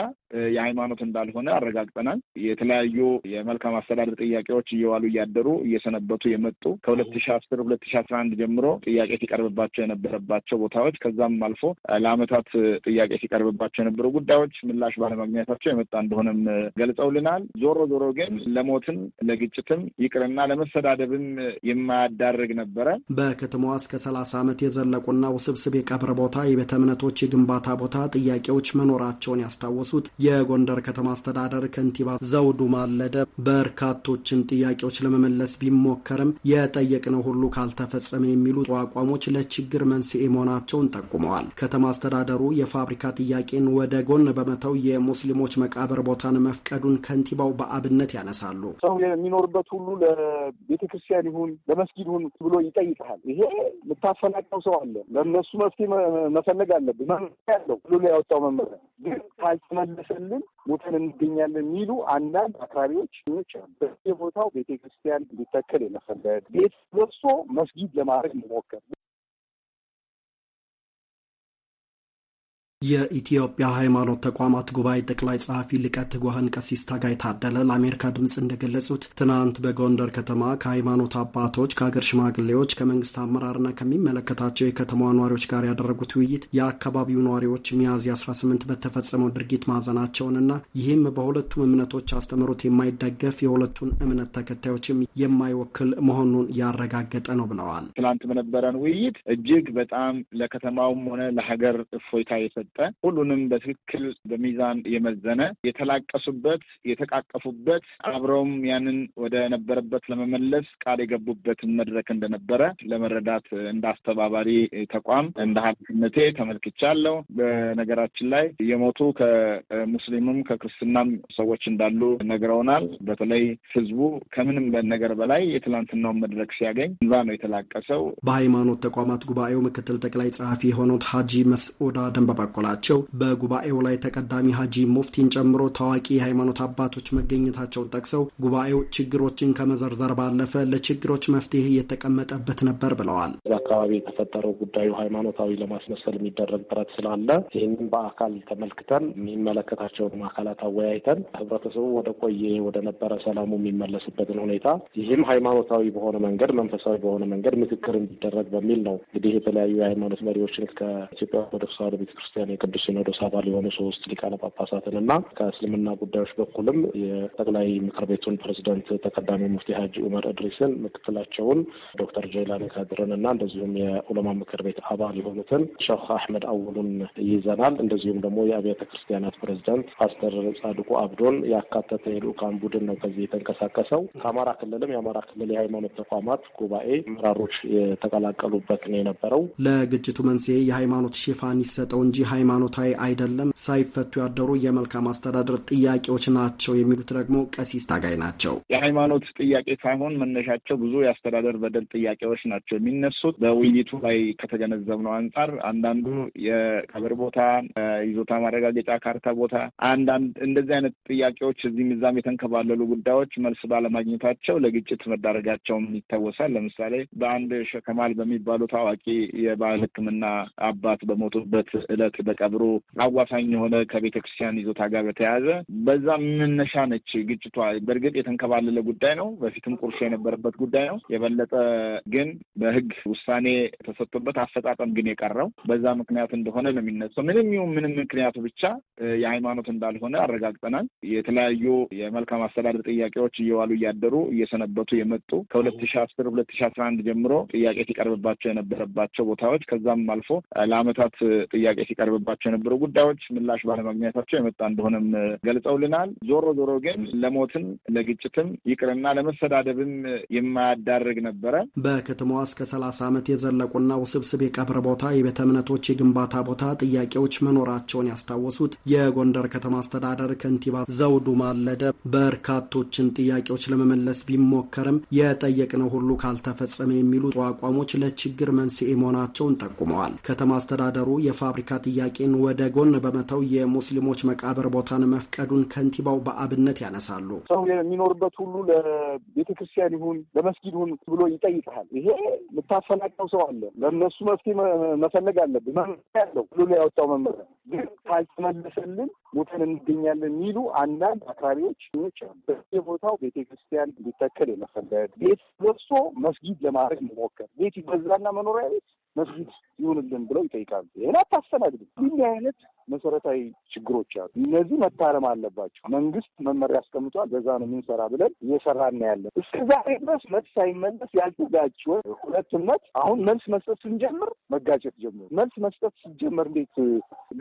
የሃይማኖት እንዳልሆነ አረጋግጠናል። የተለያዩ የመልካም አስተዳደር ጥያቄዎች እየዋሉ እያደሩ እየሰነበቱ የመጡ ከሁለት ሺ አስር ሁለት ሺ አስራ አንድ ጀምሮ ጥያቄ ሲቀርብባቸው የነበረባቸው ቦታዎች ከዛም አልፎ ለአመታት ጥያቄ ሲቀርብ ሲቀርብባቸው የነበሩ ጉዳዮች ምላሽ ባለማግኘታቸው የመጣ እንደሆነም ገልጸውልናል። ዞሮ ዞሮ ግን ለሞትም ለግጭትም ይቅርና ለመሰዳደብም የማያዳርግ ነበረ። በከተማዋ እስከ ሰላሳ ዓመት የዘለቁና ውስብስብ የቀብር ቦታ፣ የቤተ እምነቶች የግንባታ ቦታ ጥያቄዎች መኖራቸውን ያስታወሱት የጎንደር ከተማ አስተዳደር ከንቲባ ዘውዱ ማለደ በርካቶችን ጥያቄዎች ለመመለስ ቢሞከርም የጠየቅነው ሁሉ ካልተፈጸመ የሚሉ አቋሞች ለችግር መንስኤ መሆናቸውን ጠቁመዋል። ከተማ አስተዳደሩ የፋብሪካ ጥያ ጥያቄን ወደ ጎን በመተው የሙስሊሞች መቃብር ቦታን መፍቀዱን ከንቲባው በአብነት ያነሳሉ። ሰው የሚኖርበት ሁሉ ለቤተ ክርስቲያን ይሁን ለመስጊድ ይሁን ብሎ ይጠይቃል። ይሄ የምታፈናቀው ሰው አለ። ለእነሱ መፍትሄ መፈለግ አለብን። መመሪያ ያለው ብሎ ያወጣው መመሪያ ግን ካልተመለሰልን ሞተን እንገኛለን የሚሉ አንዳንድ አክራሪዎች ኞች በየቦታው ቤተ ክርስቲያን እንዲተከል የመፈለግ ቤት ወርሶ መስጊድ ለማድረግ መሞከር የኢትዮጵያ ሃይማኖት ተቋማት ጉባኤ ጠቅላይ ጸሐፊ ሊቀ ትጉሃን ቀሲስ ታጋይ ታደለ ለአሜሪካ ድምፅ እንደገለጹት ትናንት በጎንደር ከተማ ከሃይማኖት አባቶች፣ ከሀገር ሽማግሌዎች፣ ከመንግስት አመራርና ከሚመለከታቸው የከተማዋ ነዋሪዎች ጋር ያደረጉት ውይይት የአካባቢው ነዋሪዎች ሚያዝያ 18 በተፈጸመው ድርጊት ማዘናቸውንና ይህም በሁለቱም እምነቶች አስተምሮት የማይደገፍ የሁለቱን እምነት ተከታዮችም የማይወክል መሆኑን ያረጋገጠ ነው ብለዋል። ትናንት በነበረን ውይይት እጅግ በጣም ለከተማውም ሆነ ለሀገር እፎይታ የሰጠ የሰጠ ሁሉንም በትክክል በሚዛን የመዘነ የተላቀሱበት፣ የተቃቀፉበት አብረውም ያንን ወደ ነበረበት ለመመለስ ቃል የገቡበትን መድረክ እንደነበረ ለመረዳት እንደ አስተባባሪ ተቋም እንደ ኃላፊነቴ ተመልክቻለሁ። በነገራችን ላይ የሞቱ ከሙስሊምም ከክርስትናም ሰዎች እንዳሉ ነግረውናል። በተለይ ህዝቡ ከምንም ነገር በላይ የትላንትናውን መድረክ ሲያገኝ እንባ ነው የተላቀሰው። በሃይማኖት ተቋማት ጉባኤው ምክትል ጠቅላይ ጸሐፊ የሆኑት ሀጂ መስዑዳ ደንበባቆል በመሆናቸው በጉባኤው ላይ ተቀዳሚ ሀጂ ሙፍቲን ጨምሮ ታዋቂ የሃይማኖት አባቶች መገኘታቸውን ጠቅሰው ጉባኤው ችግሮችን ከመዘርዘር ባለፈ ለችግሮች መፍትሄ እየተቀመጠበት ነበር ብለዋል። በአካባቢ የተፈጠረው ጉዳዩ ሃይማኖታዊ ለማስመሰል የሚደረግ ጥረት ስላለ ይህንም በአካል ተመልክተን የሚመለከታቸውን አካላት አወያይተን ህብረተሰቡ ወደ ቆየ ወደ ነበረ ሰላሙ የሚመለስበትን ሁኔታ ይህም ሃይማኖታዊ በሆነ መንገድ መንፈሳዊ በሆነ መንገድ ምክክር እንዲደረግ በሚል ነው እንግዲህ የተለያዩ የሃይማኖት መሪዎችን ከኢትዮጵያ ኦርቶዶክስ ተዋሕዶ ቤተክርስቲያን የቅዱስ ሲኖዶስ አባል የሆኑ ሶስት ሊቃነ ጳጳሳትን እና ከእስልምና ጉዳዮች በኩልም የጠቅላይ ምክር ቤቱን ፕሬዚደንት ተቀዳሚ ሙፍቲ ሀጂ ኡመር እድሪስን፣ ምክትላቸውን ዶክተር ጀይላን ካድርን እና እንደዚሁም የኡለማ ምክር ቤት አባል የሆኑትን ሸህ አህመድ አውሉን ይዘናል። እንደዚሁም ደግሞ የአብያተ ክርስቲያናት ፕሬዚደንት ፓስተር ጻድቁ አብዶን ያካተተ የልኡካን ቡድን ነው ከዚህ የተንቀሳቀሰው። ከአማራ ክልልም የአማራ ክልል የሃይማኖት ተቋማት ጉባኤ አመራሮች የተቀላቀሉበት ነው የነበረው። ለግጭቱ መንስኤ የሃይማኖት ሽፋን ይሰጠው እንጂ ሃይማኖታዊ አይደለም፣ ሳይፈቱ ያደሩ የመልካም አስተዳደር ጥያቄዎች ናቸው የሚሉት ደግሞ ቀሲስ ታጋይ ናቸው። የሃይማኖት ጥያቄ ሳይሆን መነሻቸው ብዙ የአስተዳደር በደል ጥያቄዎች ናቸው የሚነሱት። በውይይቱ ላይ ከተገነዘብነው አንጻር አንዳንዱ የቀብር ቦታ ይዞታ ማረጋገጫ ካርታ ቦታ፣ አንዳንድ እንደዚህ አይነት ጥያቄዎች እዚህም እዛም የተንከባለሉ ጉዳዮች መልስ ባለማግኘታቸው ለግጭት መዳረጋቸውም ይታወሳል። ለምሳሌ በአንድ ሸከማል በሚባሉ ታዋቂ የባህል ሕክምና አባት በሞቱበት እለት በቀብሩ አዋሳኝ የሆነ ከቤተ ክርስቲያን ይዞታ ጋር በተያያዘ በዛ መነሻ ነች ግጭቷ። በእርግጥ የተንከባለለ ጉዳይ ነው። በፊትም ቁርሾ የነበረበት ጉዳይ ነው። የበለጠ ግን በህግ ውሳኔ ተሰጥቶበት አፈጻጸም ግን የቀረው በዛ ምክንያት እንደሆነ ነው የሚነሳው። ምንም ይሁን ምንም ምክንያቱ ብቻ የሃይማኖት እንዳልሆነ አረጋግጠናል። የተለያዩ የመልካም አስተዳደር ጥያቄዎች እየዋሉ እያደሩ እየሰነበቱ የመጡ ከሁለት ሺ አስር ሁለት ሺ አስራ አንድ ጀምሮ ጥያቄ ሲቀርብባቸው የነበረባቸው ቦታዎች ከዛም አልፎ ለአመታት ጥያቄ ሲቀርብ ሲቀርብባቸው የነበሩ ጉዳዮች ምላሽ ባለማግኘታቸው የመጣ እንደሆነም ገልጸውልናል። ዞሮ ዞሮ ግን ለሞትም ለግጭትም ይቅርና ለመሰዳደብም የማያዳርግ ነበረ። በከተማዋ እስከ ሰላሳ ዓመት የዘለቁና ውስብስብ የቀብር ቦታ፣ የቤተ እምነቶች የግንባታ ቦታ ጥያቄዎች መኖራቸውን ያስታወሱት የጎንደር ከተማ አስተዳደር ከንቲባ ዘውዱ ማለደ በርካቶችን ጥያቄዎች ለመመለስ ቢሞከርም የጠየቅነው ሁሉ ካልተፈጸመ የሚሉ አቋሞች ለችግር መንስኤ መሆናቸውን ጠቁመዋል። ከተማ አስተዳደሩ የፋብሪካ ጥያቄ ጥያቄን ወደ ጎን በመተው የሙስሊሞች መቃብር ቦታን መፍቀዱን ከንቲባው በአብነት ያነሳሉ። ሰው የሚኖርበት ሁሉ ለቤተ ክርስቲያን ይሁን ለመስጊድ ይሁን ብሎ ይጠይቃል። ይሄ የምታፈናቀው ሰው አለ። ለእነሱ መፍትሄ መፈለግ አለብን። መመሪያ ያለው ብሎ ያወጣው መመሪያ ግን ካልተመለሰልን ሞተን እንገኛለን የሚሉ አንዳንድ አክራሪዎች በዚህ ቦታው ቤተ ክርስቲያን እንዲተከል የመፈለግ ቤት ገዝቶ መስጊድ ለማድረግ መሞከር ቤት ይበዛና መኖሪያ ቤት መስጊድ ይሁንልን ብለው ይጠይቃሉ። ይህን አታስተናግድም። ይህ አይነት መሰረታዊ ችግሮች አሉ። እነዚህ መታረም አለባቸው። መንግስት መመሪያ አስቀምጧል። በዛ ነው የምንሰራ ብለን እየሰራን ያለን። እስከ ዛሬ ድረስ መልስ ሳይመለስ ያልተጋጭ ሁለትነት አሁን መልስ መስጠት ስንጀምር መጋጨት ጀምሩ። መልስ መስጠት ሲጀመር እንዴት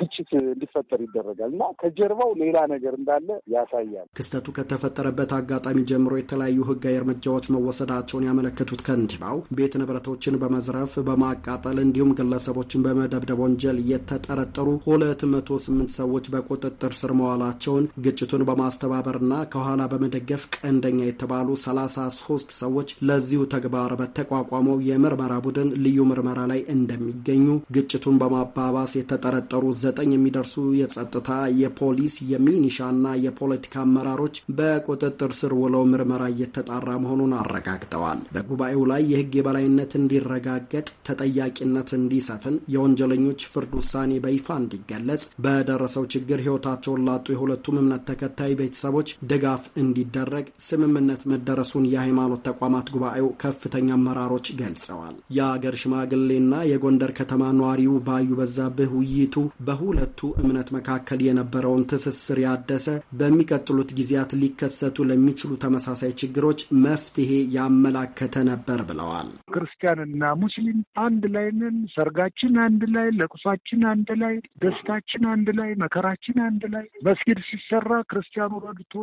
ግጭት እንዲፈጠር ይደረጋል? እና ከጀርባው ሌላ ነገር እንዳለ ያሳያል። ክስተቱ ከተፈጠረበት አጋጣሚ ጀምሮ የተለያዩ ህጋዊ እርምጃዎች መወሰዳቸውን ያመለከቱት ከንቲባው ቤት ንብረቶችን በመዝረፍ በማቃጠል እንዲሁም ግለሰቦችን በመደብደብ ወንጀል የተጠረጠሩ ሁለት 108 ሰዎች በቁጥጥር ስር መዋላቸውን ግጭቱን በማስተባበርና ከኋላ በመደገፍ ቀንደኛ የተባሉ 33 ሰዎች ለዚሁ ተግባር በተቋቋመው የምርመራ ቡድን ልዩ ምርመራ ላይ እንደሚገኙ ግጭቱን በማባባስ የተጠረጠሩ ዘጠኝ የሚደርሱ የጸጥታ፣ የፖሊስ፣ የሚኒሻና የፖለቲካ አመራሮች በቁጥጥር ስር ውለው ምርመራ እየተጣራ መሆኑን አረጋግጠዋል። በጉባኤው ላይ የህግ የበላይነት እንዲረጋገጥ፣ ተጠያቂነት እንዲሰፍን፣ የወንጀለኞች ፍርድ ውሳኔ በይፋ እንዲገለጽ፣ በመግለጽ በደረሰው ችግር ህይወታቸውን ላጡ የሁለቱም እምነት ተከታይ ቤተሰቦች ድጋፍ እንዲደረግ ስምምነት መደረሱን የሃይማኖት ተቋማት ጉባኤው ከፍተኛ አመራሮች ገልጸዋል። የአገር ሽማግሌና የጎንደር ከተማ ነዋሪው ባዩ በዛብህ ውይይቱ በሁለቱ እምነት መካከል የነበረውን ትስስር ያደሰ በሚቀጥሉት ጊዜያት ሊከሰቱ ለሚችሉ ተመሳሳይ ችግሮች መፍትሄ ያመላከተ ነበር ብለዋል። ክርስቲያንና ሙስሊም አንድ ላይ ነን። ሰርጋችን አንድ ላይ፣ ለቅሷችን አንድ ላይ፣ ደስታችን ሀዘናችን አንድ ላይ፣ መከራችን አንድ ላይ። መስጊድ ሲሰራ ክርስቲያኑ ረድቶ፣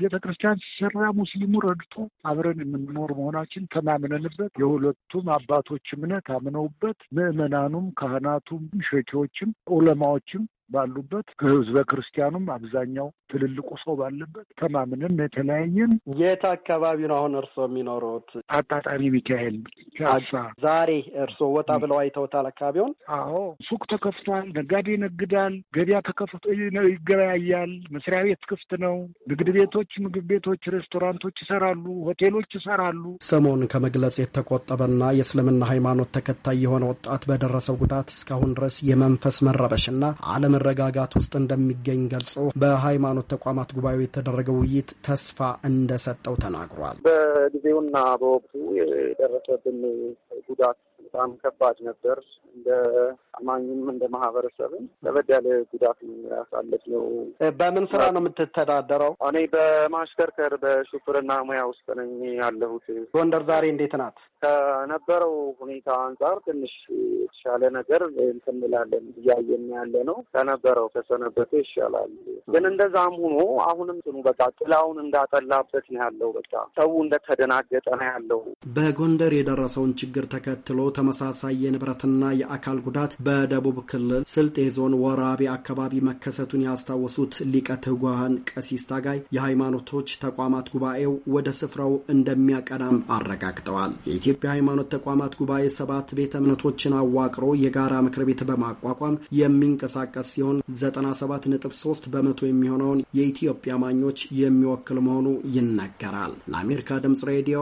ቤተ ክርስቲያን ሲሰራ ሙስሊሙ ረድቶ አብረን የምንኖር መሆናችን ተማምነንበት የሁለቱም አባቶች እምነት አምነውበት ምዕመናኑም፣ ካህናቱም፣ ሸኪዎችም፣ ዑለማዎችም ባሉበት ህዝበ ክርስቲያኑም አብዛኛው ትልልቁ ሰው ባለበት ተማምንም የተለያየን። የት አካባቢ ነው አሁን እርስዎ የሚኖሩት? አጣጣሚ ሚካኤል ፒያሳ። ዛሬ እርስዎ ወጣ ብለው አይተውታል አካባቢውን? አዎ፣ ሱቅ ተከፍቷል፣ ነጋዴ ይነግዳል፣ ገበያ ተከፍቶ ይገበያያል፣ መስሪያ ቤት ክፍት ነው፣ ንግድ ቤቶች፣ ምግብ ቤቶች፣ ሬስቶራንቶች ይሰራሉ፣ ሆቴሎች ይሰራሉ። ስሙን ከመግለጽ የተቆጠበና የእስልምና ሃይማኖት ተከታይ የሆነ ወጣት በደረሰው ጉዳት እስካሁን ድረስ የመንፈስ መረበሽና አለም መረጋጋት ውስጥ እንደሚገኝ ገልጾ በሃይማኖት ተቋማት ጉባኤው የተደረገ ውይይት ተስፋ እንደሰጠው ተናግሯል። በጊዜውና በወቅቱ የደረሰብን ጉዳት በጣም ከባድ ነበር። እንደ አማኝም እንደ ማህበረሰብም ለበድ ያለ ጉዳት ነው። በምን ስራ ነው የምትተዳደረው? እኔ በማሽከርከር በሹፍርና ሙያ ውስጥ ነኝ ያለሁት። ጎንደር ዛሬ እንዴት ናት? ከነበረው ሁኔታ አንጻር ትንሽ የተሻለ ነገር እንትን እንላለን እያየን ያለ ነው። ከነበረው ከሰነበተ ይሻላል። ግን እንደዛም ሆኖ አሁንም ትኑ በቃ ጥላውን እንዳጠላበት ነው ያለው። በቃ ሰው እንደተደናገጠ ነው ያለው። በጎንደር የደረሰውን ችግር ተከትሎ ተመሳሳይ የንብረትና የአካል ጉዳት በደቡብ ክልል ስልጤ ዞን ወራቤ አካባቢ መከሰቱን ያስታወሱት ሊቀ ትጓህን ቀሲስ ታጋይ የሃይማኖቶች ተቋማት ጉባኤው ወደ ስፍራው እንደሚያቀናም አረጋግጠዋል። የኢትዮጵያ ሃይማኖት ተቋማት ጉባኤ ሰባት ቤተ እምነቶችን አዋቅሮ የጋራ ምክር ቤት በማቋቋም የሚንቀሳቀስ ሲሆን ነጥ3 በመቶ የሚሆነውን የኢትዮጵያ ማኞች የሚወክል መሆኑ ይነገራል። ለአሜሪካ ድምጽ ሬዲዮ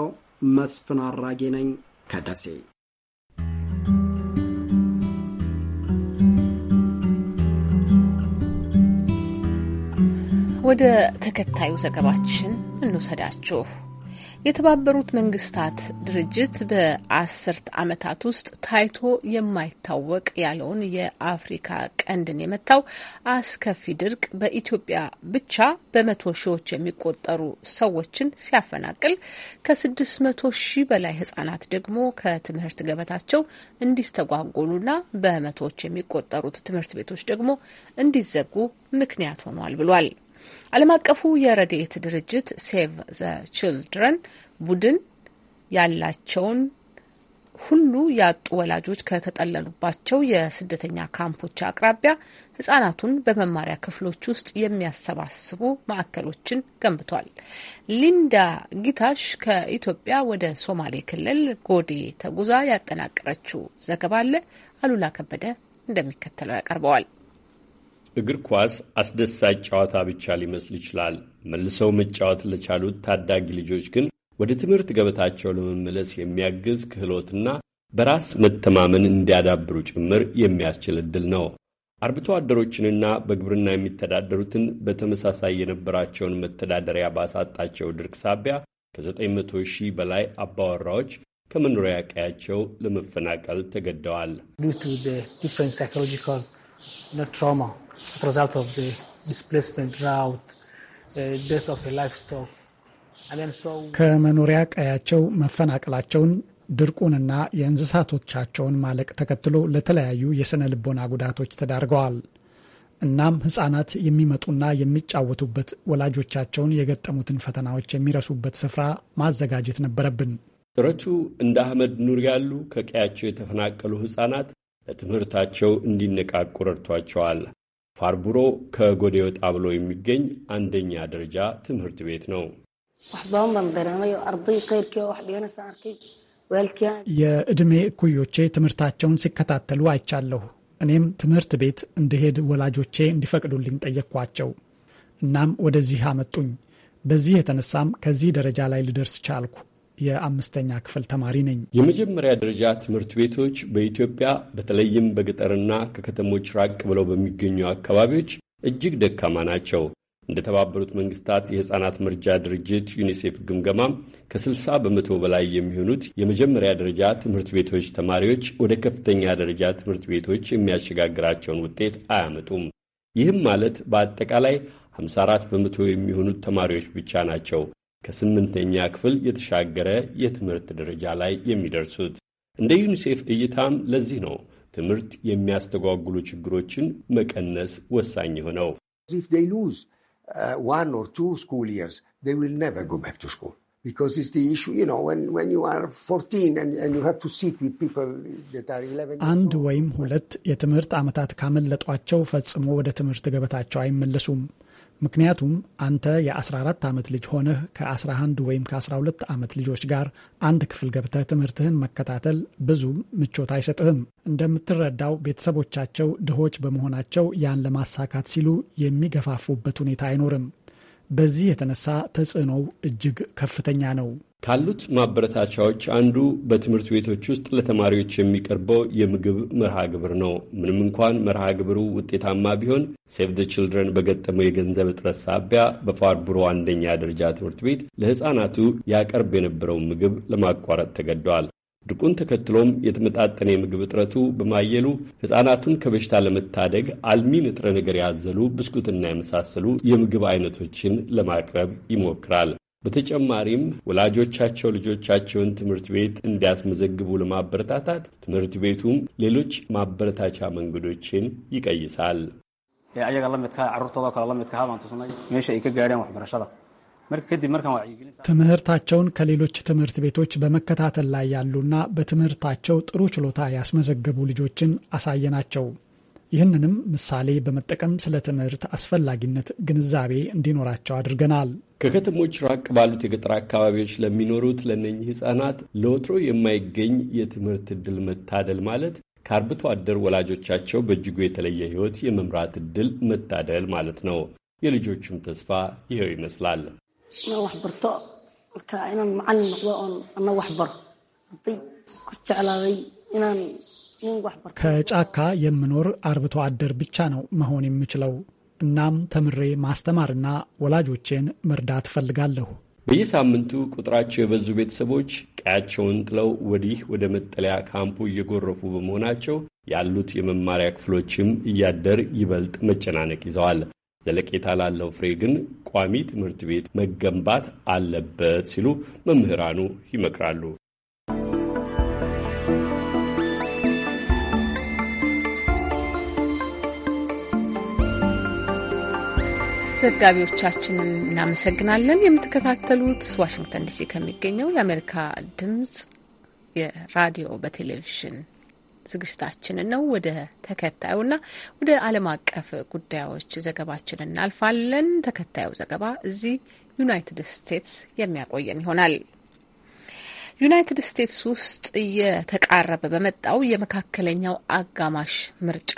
መስፍን አራጌ ነኝ ከደሴ ወደ ተከታዩ ዘገባችን እንውሰዳችሁ። የተባበሩት መንግስታት ድርጅት በአስርት ዓመታት ውስጥ ታይቶ የማይታወቅ ያለውን የአፍሪካ ቀንድን የመታው አስከፊ ድርቅ በኢትዮጵያ ብቻ በመቶ ሺዎች የሚቆጠሩ ሰዎችን ሲያፈናቅል ከስድስት መቶ ሺህ በላይ ህጻናት ደግሞ ከትምህርት ገበታቸው እንዲስተጓጎሉና በመቶዎች የሚቆጠሩት ትምህርት ቤቶች ደግሞ እንዲዘጉ ምክንያት ሆኗል ብሏል። ዓለም አቀፉ የረድኤት ድርጅት ሴቭ ዘ ችልድረን ቡድን ያላቸውን ሁሉ ያጡ ወላጆች ከተጠለሉባቸው የስደተኛ ካምፖች አቅራቢያ ህጻናቱን በመማሪያ ክፍሎች ውስጥ የሚያሰባስቡ ማዕከሎችን ገንብቷል። ሊንዳ ጊታሽ ከኢትዮጵያ ወደ ሶማሌ ክልል ጎዴ ተጉዛ ያጠናቀረችው ዘገባ አለ። አሉላ ከበደ እንደሚከተለው ያቀርበዋል። እግር ኳስ አስደሳች ጨዋታ ብቻ ሊመስል ይችላል። መልሰው መጫወት ለቻሉት ታዳጊ ልጆች ግን ወደ ትምህርት ገበታቸው ለመመለስ የሚያግዝ ክህሎትና በራስ መተማመን እንዲያዳብሩ ጭምር የሚያስችል ዕድል ነው። አርብቶ አደሮችንና በግብርና የሚተዳደሩትን በተመሳሳይ የነበራቸውን መተዳደሪያ ባሳጣቸው ድርቅ ሳቢያ ከ900 ሺህ በላይ አባወራዎች ከመኖሪያ ቀያቸው ለመፈናቀል ተገደዋል። as a result of the displacement drought, uh, death of the livestock. ከመኖሪያ ቀያቸው መፈናቀላቸውን ድርቁንና የእንስሳቶቻቸውን ማለቅ ተከትሎ ለተለያዩ የሥነ ልቦና ጉዳቶች ተዳርገዋል። እናም ሕፃናት የሚመጡና የሚጫወቱበት ወላጆቻቸውን የገጠሙትን ፈተናዎች የሚረሱበት ስፍራ ማዘጋጀት ነበረብን። ጥረቱ እንደ አህመድ ኑር ያሉ ከቀያቸው የተፈናቀሉ ሕፃናት ለትምህርታቸው እንዲነቃቁ ረድቷቸዋል። ፋርቡሮ ከጎዴ ወጣ ብሎ የሚገኝ አንደኛ ደረጃ ትምህርት ቤት ነው። የዕድሜ እኩዮቼ ትምህርታቸውን ሲከታተሉ አይቻለሁ። እኔም ትምህርት ቤት እንድሄድ ወላጆቼ እንዲፈቅዱልኝ ጠየቅኳቸው። እናም ወደዚህ አመጡኝ። በዚህ የተነሳም ከዚህ ደረጃ ላይ ልደርስ ቻልኩ። የአምስተኛ ክፍል ተማሪ ነኝ። የመጀመሪያ ደረጃ ትምህርት ቤቶች በኢትዮጵያ በተለይም በገጠርና ከከተሞች ራቅ ብለው በሚገኙ አካባቢዎች እጅግ ደካማ ናቸው። እንደተባበሩት መንግስታት የሕፃናት መርጃ ድርጅት ዩኒሴፍ ግምገማም ከ60 በመቶ በላይ የሚሆኑት የመጀመሪያ ደረጃ ትምህርት ቤቶች ተማሪዎች ወደ ከፍተኛ ደረጃ ትምህርት ቤቶች የሚያሸጋግራቸውን ውጤት አያመጡም። ይህም ማለት በአጠቃላይ 54 በመቶ የሚሆኑት ተማሪዎች ብቻ ናቸው ከስምንተኛ ክፍል የተሻገረ የትምህርት ደረጃ ላይ የሚደርሱት። እንደ ዩኒሴፍ እይታም ለዚህ ነው ትምህርት የሚያስተጓጉሉ ችግሮችን መቀነስ ወሳኝ የሆነው። አንድ ወይም ሁለት የትምህርት ዓመታት ካመለጧቸው ፈጽሞ ወደ ትምህርት ገበታቸው አይመለሱም። ምክንያቱም አንተ የ14 ዓመት ልጅ ሆነህ ከ11 ወይም ከ12 ዓመት ልጆች ጋር አንድ ክፍል ገብተህ ትምህርትህን መከታተል ብዙም ምቾት አይሰጥህም። እንደምትረዳው ቤተሰቦቻቸው ድሆች በመሆናቸው ያን ለማሳካት ሲሉ የሚገፋፉበት ሁኔታ አይኖርም። በዚህ የተነሳ ተጽዕኖው እጅግ ከፍተኛ ነው። ካሉት ማበረታቻዎች አንዱ በትምህርት ቤቶች ውስጥ ለተማሪዎች የሚቀርበው የምግብ መርሃ ግብር ነው። ምንም እንኳን መርሃ ግብሩ ውጤታማ ቢሆን ሴቭ ዘ ችልድረን በገጠመው የገንዘብ እጥረት ሳቢያ በፋርቡሮ አንደኛ ደረጃ ትምህርት ቤት ለሕፃናቱ ያቀርብ የነበረውን ምግብ ለማቋረጥ ተገደዋል። ድርቁን ተከትሎም የተመጣጠነ የምግብ እጥረቱ በማየሉ ሕፃናቱን ከበሽታ ለመታደግ አልሚ ንጥረ ነገር ያዘሉ ብስኩትና የመሳሰሉ የምግብ አይነቶችን ለማቅረብ ይሞክራል። በተጨማሪም ወላጆቻቸው ልጆቻቸውን ትምህርት ቤት እንዲያስመዘግቡ ለማበረታታት ትምህርት ቤቱም ሌሎች ማበረታቻ መንገዶችን ይቀይሳል። ayaga la midka carruurtooda kale la midka ha baan tusinay meesha ትምህርታቸውን ከሌሎች ትምህርት ቤቶች በመከታተል ላይ ያሉና በትምህርታቸው ጥሩ ችሎታ ያስመዘገቡ ልጆችን አሳየናቸው። ይህንንም ምሳሌ በመጠቀም ስለ ትምህርት አስፈላጊነት ግንዛቤ እንዲኖራቸው አድርገናል። ከከተሞች ራቅ ባሉት የገጠር አካባቢዎች ለሚኖሩት ለነኚህ ሕፃናት ለወትሮ የማይገኝ የትምህርት ዕድል መታደል ማለት ከአርብቶ አደር ወላጆቻቸው በእጅጉ የተለየ ሕይወት የመምራት ዕድል መታደል ማለት ነው። የልጆቹም ተስፋ ይኸው ይመስላል። inaan wax barto marka inaan macalin noqdo oon ana wax baro arday ku jeclaaday inaan nin wax barto ከጫካ የምኖር አርብቶ አደር ብቻ ነው መሆን የምችለው። እናም ተምሬ ማስተማርና ወላጆቼን መርዳት እፈልጋለሁ። በየሳምንቱ ቁጥራቸው የበዙ ቤተሰቦች ቀያቸውን ጥለው ወዲህ ወደ መጠለያ ካምፑ እየጎረፉ በመሆናቸው ያሉት የመማሪያ ክፍሎችም እያደር ይበልጥ መጨናነቅ ይዘዋል። ዘለቄታ ላለው ፍሬ ግን ቋሚ ትምህርት ቤት መገንባት አለበት ሲሉ መምህራኑ ይመክራሉ። ዘጋቢዎቻችንን እናመሰግናለን። የምትከታተሉት ዋሽንግተን ዲሲ ከሚገኘው የአሜሪካ ድምጽ የራዲዮ በቴሌቪዥን ዝግጅታችንን ነው። ወደ ተከታዩና ወደ ዓለም አቀፍ ጉዳዮች ዘገባችንን እናልፋለን። ተከታዩ ዘገባ እዚህ ዩናይትድ ስቴትስ የሚያቆየን ይሆናል። ዩናይትድ ስቴትስ ውስጥ እየተቃረበ በመጣው የመካከለኛው አጋማሽ ምርጫ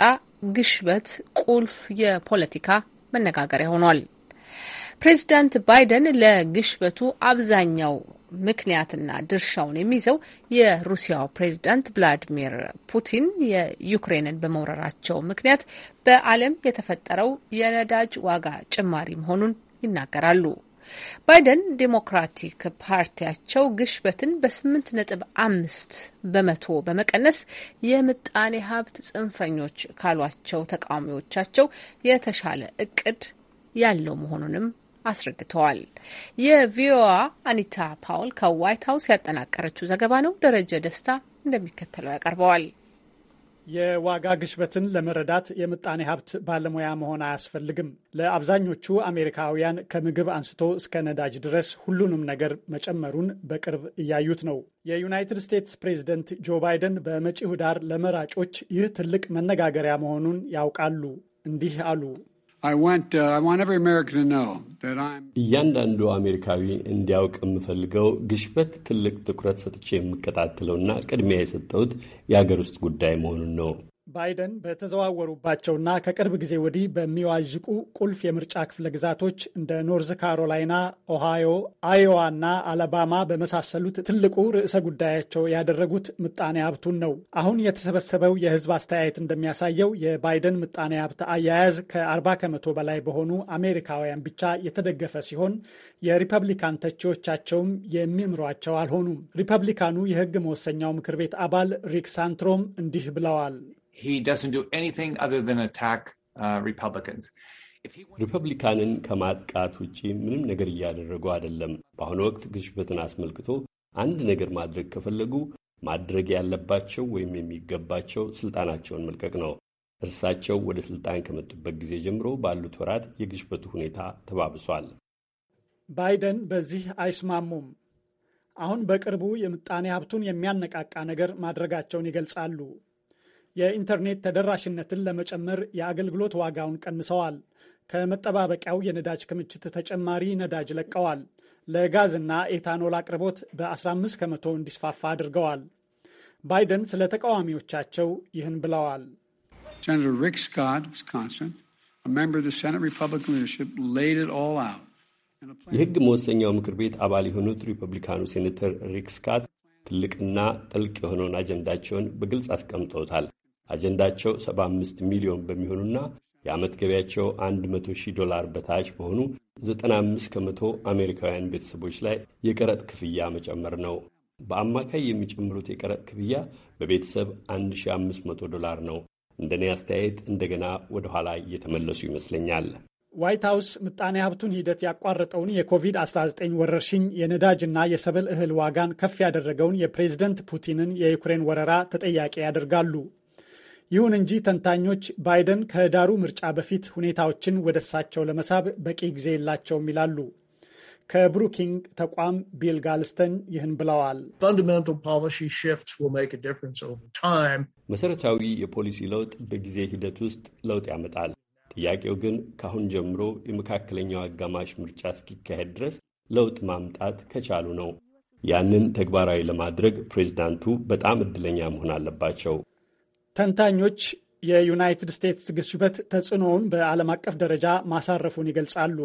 ግሽበት ቁልፍ የፖለቲካ መነጋገሪያ ሆኗል። ፕሬዚዳንት ባይደን ለግሽበቱ አብዛኛው ምክንያትና ድርሻውን የሚይዘው የሩሲያው ፕሬዝዳንት ቭላዲሚር ፑቲን የዩክሬንን በመውረራቸው ምክንያት በዓለም የተፈጠረው የነዳጅ ዋጋ ጭማሪ መሆኑን ይናገራሉ። ባይደን ዴሞክራቲክ ፓርቲያቸው ግሽበትን በስምንት ነጥብ አምስት በመቶ በመቀነስ የምጣኔ ሀብት ጽንፈኞች ካሏቸው ተቃዋሚዎቻቸው የተሻለ እቅድ ያለው መሆኑንም አስረድተዋል። የቪኦኤ አኒታ ፓውል ከዋይት ሀውስ ያጠናቀረችው ዘገባ ነው። ደረጀ ደስታ እንደሚከተለው ያቀርበዋል። የዋጋ ግሽበትን ለመረዳት የምጣኔ ሀብት ባለሙያ መሆን አያስፈልግም። ለአብዛኞቹ አሜሪካውያን ከምግብ አንስቶ እስከ ነዳጅ ድረስ ሁሉንም ነገር መጨመሩን በቅርብ እያዩት ነው። የዩናይትድ ስቴትስ ፕሬዝደንት ጆ ባይደን በመጪው ዳር ለመራጮች ይህ ትልቅ መነጋገሪያ መሆኑን ያውቃሉ። እንዲህ አሉ። Uh, እያንዳንዱ አሜሪካዊ እንዲያውቅ የምፈልገው ግሽበት ትልቅ ትኩረት ሰጥቼ የምከታተለውና ቅድሚያ የሰጠሁት የአገር ውስጥ ጉዳይ መሆኑን ነው። ባይደን በተዘዋወሩባቸውና ከቅርብ ጊዜ ወዲህ በሚዋዥቁ ቁልፍ የምርጫ ክፍለ ግዛቶች እንደ ኖርዝ ካሮላይና፣ ኦሃዮ፣ አዮዋ እና አለባማ በመሳሰሉት ትልቁ ርዕሰ ጉዳያቸው ያደረጉት ምጣኔ ሀብቱን ነው። አሁን የተሰበሰበው የህዝብ አስተያየት እንደሚያሳየው የባይደን ምጣኔ ሀብት አያያዝ ከ40 ከመቶ በላይ በሆኑ አሜሪካውያን ብቻ የተደገፈ ሲሆን የሪፐብሊካን ተቺዎቻቸውም የሚምሯቸው አልሆኑም። ሪፐብሊካኑ የህግ መወሰኛው ምክር ቤት አባል ሪክ ሳንትሮም እንዲህ ብለዋል። he doesn't do anything other than attack uh, Republicans. ሪፐብሊካንን ከማጥቃት ውጪ ምንም ነገር እያደረጉ አይደለም። በአሁኑ ወቅት ግሽበትን አስመልክቶ አንድ ነገር ማድረግ ከፈለጉ ማድረግ ያለባቸው ወይም የሚገባቸው ስልጣናቸውን መልቀቅ ነው። እርሳቸው ወደ ስልጣን ከመጡበት ጊዜ ጀምሮ ባሉት ወራት የግሽበቱ ሁኔታ ተባብሷል። ባይደን በዚህ አይስማሙም። አሁን በቅርቡ የምጣኔ ሀብቱን የሚያነቃቃ ነገር ማድረጋቸውን ይገልጻሉ። የኢንተርኔት ተደራሽነትን ለመጨመር የአገልግሎት ዋጋውን ቀንሰዋል። ከመጠባበቂያው የነዳጅ ክምችት ተጨማሪ ነዳጅ ለቀዋል። ለጋዝና ኤታኖል አቅርቦት በ15 ከመቶ እንዲስፋፋ አድርገዋል። ባይደን ስለ ተቃዋሚዎቻቸው ይህን ብለዋል። ሴናተር ሪክ ስኮት የሕግ መወሰኛው ምክር ቤት አባል የሆኑት ሪፐብሊካኑ ሴኔተር ሪክ ስካት ትልቅና ጥልቅ የሆነውን አጀንዳቸውን በግልጽ አስቀምጠውታል። አጀንዳቸው 75 ሚሊዮን በሚሆኑና የዓመት ገቢያቸው 100 ሺህ ዶላር በታች በሆኑ 95 ከመቶ አሜሪካውያን ቤተሰቦች ላይ የቀረጥ ክፍያ መጨመር ነው። በአማካይ የሚጨምሩት የቀረጥ ክፍያ በቤተሰብ 1500 ዶላር ነው። እንደኔ አስተያየት እንደገና ወደ ኋላ እየተመለሱ ይመስለኛል። ዋይት ሀውስ ምጣኔ ሀብቱን ሂደት ያቋረጠውን የኮቪድ-19 ወረርሽኝ የነዳጅና የሰብል እህል ዋጋን ከፍ ያደረገውን የፕሬዝደንት ፑቲንን የዩክሬን ወረራ ተጠያቂ ያደርጋሉ። ይሁን እንጂ ተንታኞች ባይደን ከህዳሩ ምርጫ በፊት ሁኔታዎችን ወደ እሳቸው ለመሳብ በቂ ጊዜ የላቸውም ይላሉ። ከብሩኪንግ ተቋም ቢል ጋልስተን ይህን ብለዋል። መሰረታዊ የፖሊሲ ለውጥ በጊዜ ሂደት ውስጥ ለውጥ ያመጣል። ጥያቄው ግን ከአሁን ጀምሮ የመካከለኛው አጋማሽ ምርጫ እስኪካሄድ ድረስ ለውጥ ማምጣት ከቻሉ ነው። ያንን ተግባራዊ ለማድረግ ፕሬዚዳንቱ በጣም እድለኛ መሆን አለባቸው። ተንታኞች የዩናይትድ ስቴትስ ግሽበት ተጽዕኖውን በዓለም አቀፍ ደረጃ ማሳረፉን ይገልጻሉ።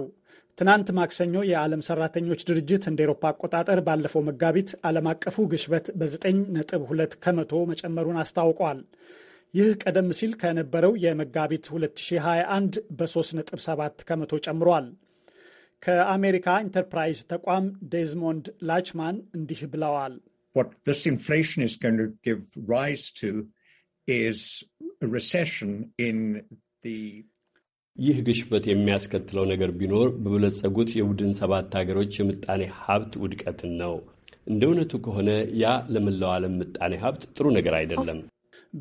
ትናንት ማክሰኞ የዓለም ሰራተኞች ድርጅት እንደ ኤሮፓ አቆጣጠር ባለፈው መጋቢት ዓለም አቀፉ ግሽበት ነጥብ ሁለት ከመቶ መጨመሩን አስታውቋል። ይህ ቀደም ሲል ከነበረው የመጋቢት 2021 በ3.7 ከመቶ ጨምሯል። ከአሜሪካ ኢንተርፕራይዝ ተቋም ዴዝሞንድ ላችማን እንዲህ ብለዋል። ኢንፍሌሽን ይህ ግሽበት የሚያስከትለው ነገር ቢኖር በበለጸጉት የቡድን ሰባት ሀገሮች የምጣኔ ሀብት ውድቀትን ነው። እንደ እውነቱ ከሆነ ያ ለመላው ዓለም ምጣኔ ሀብት ጥሩ ነገር አይደለም።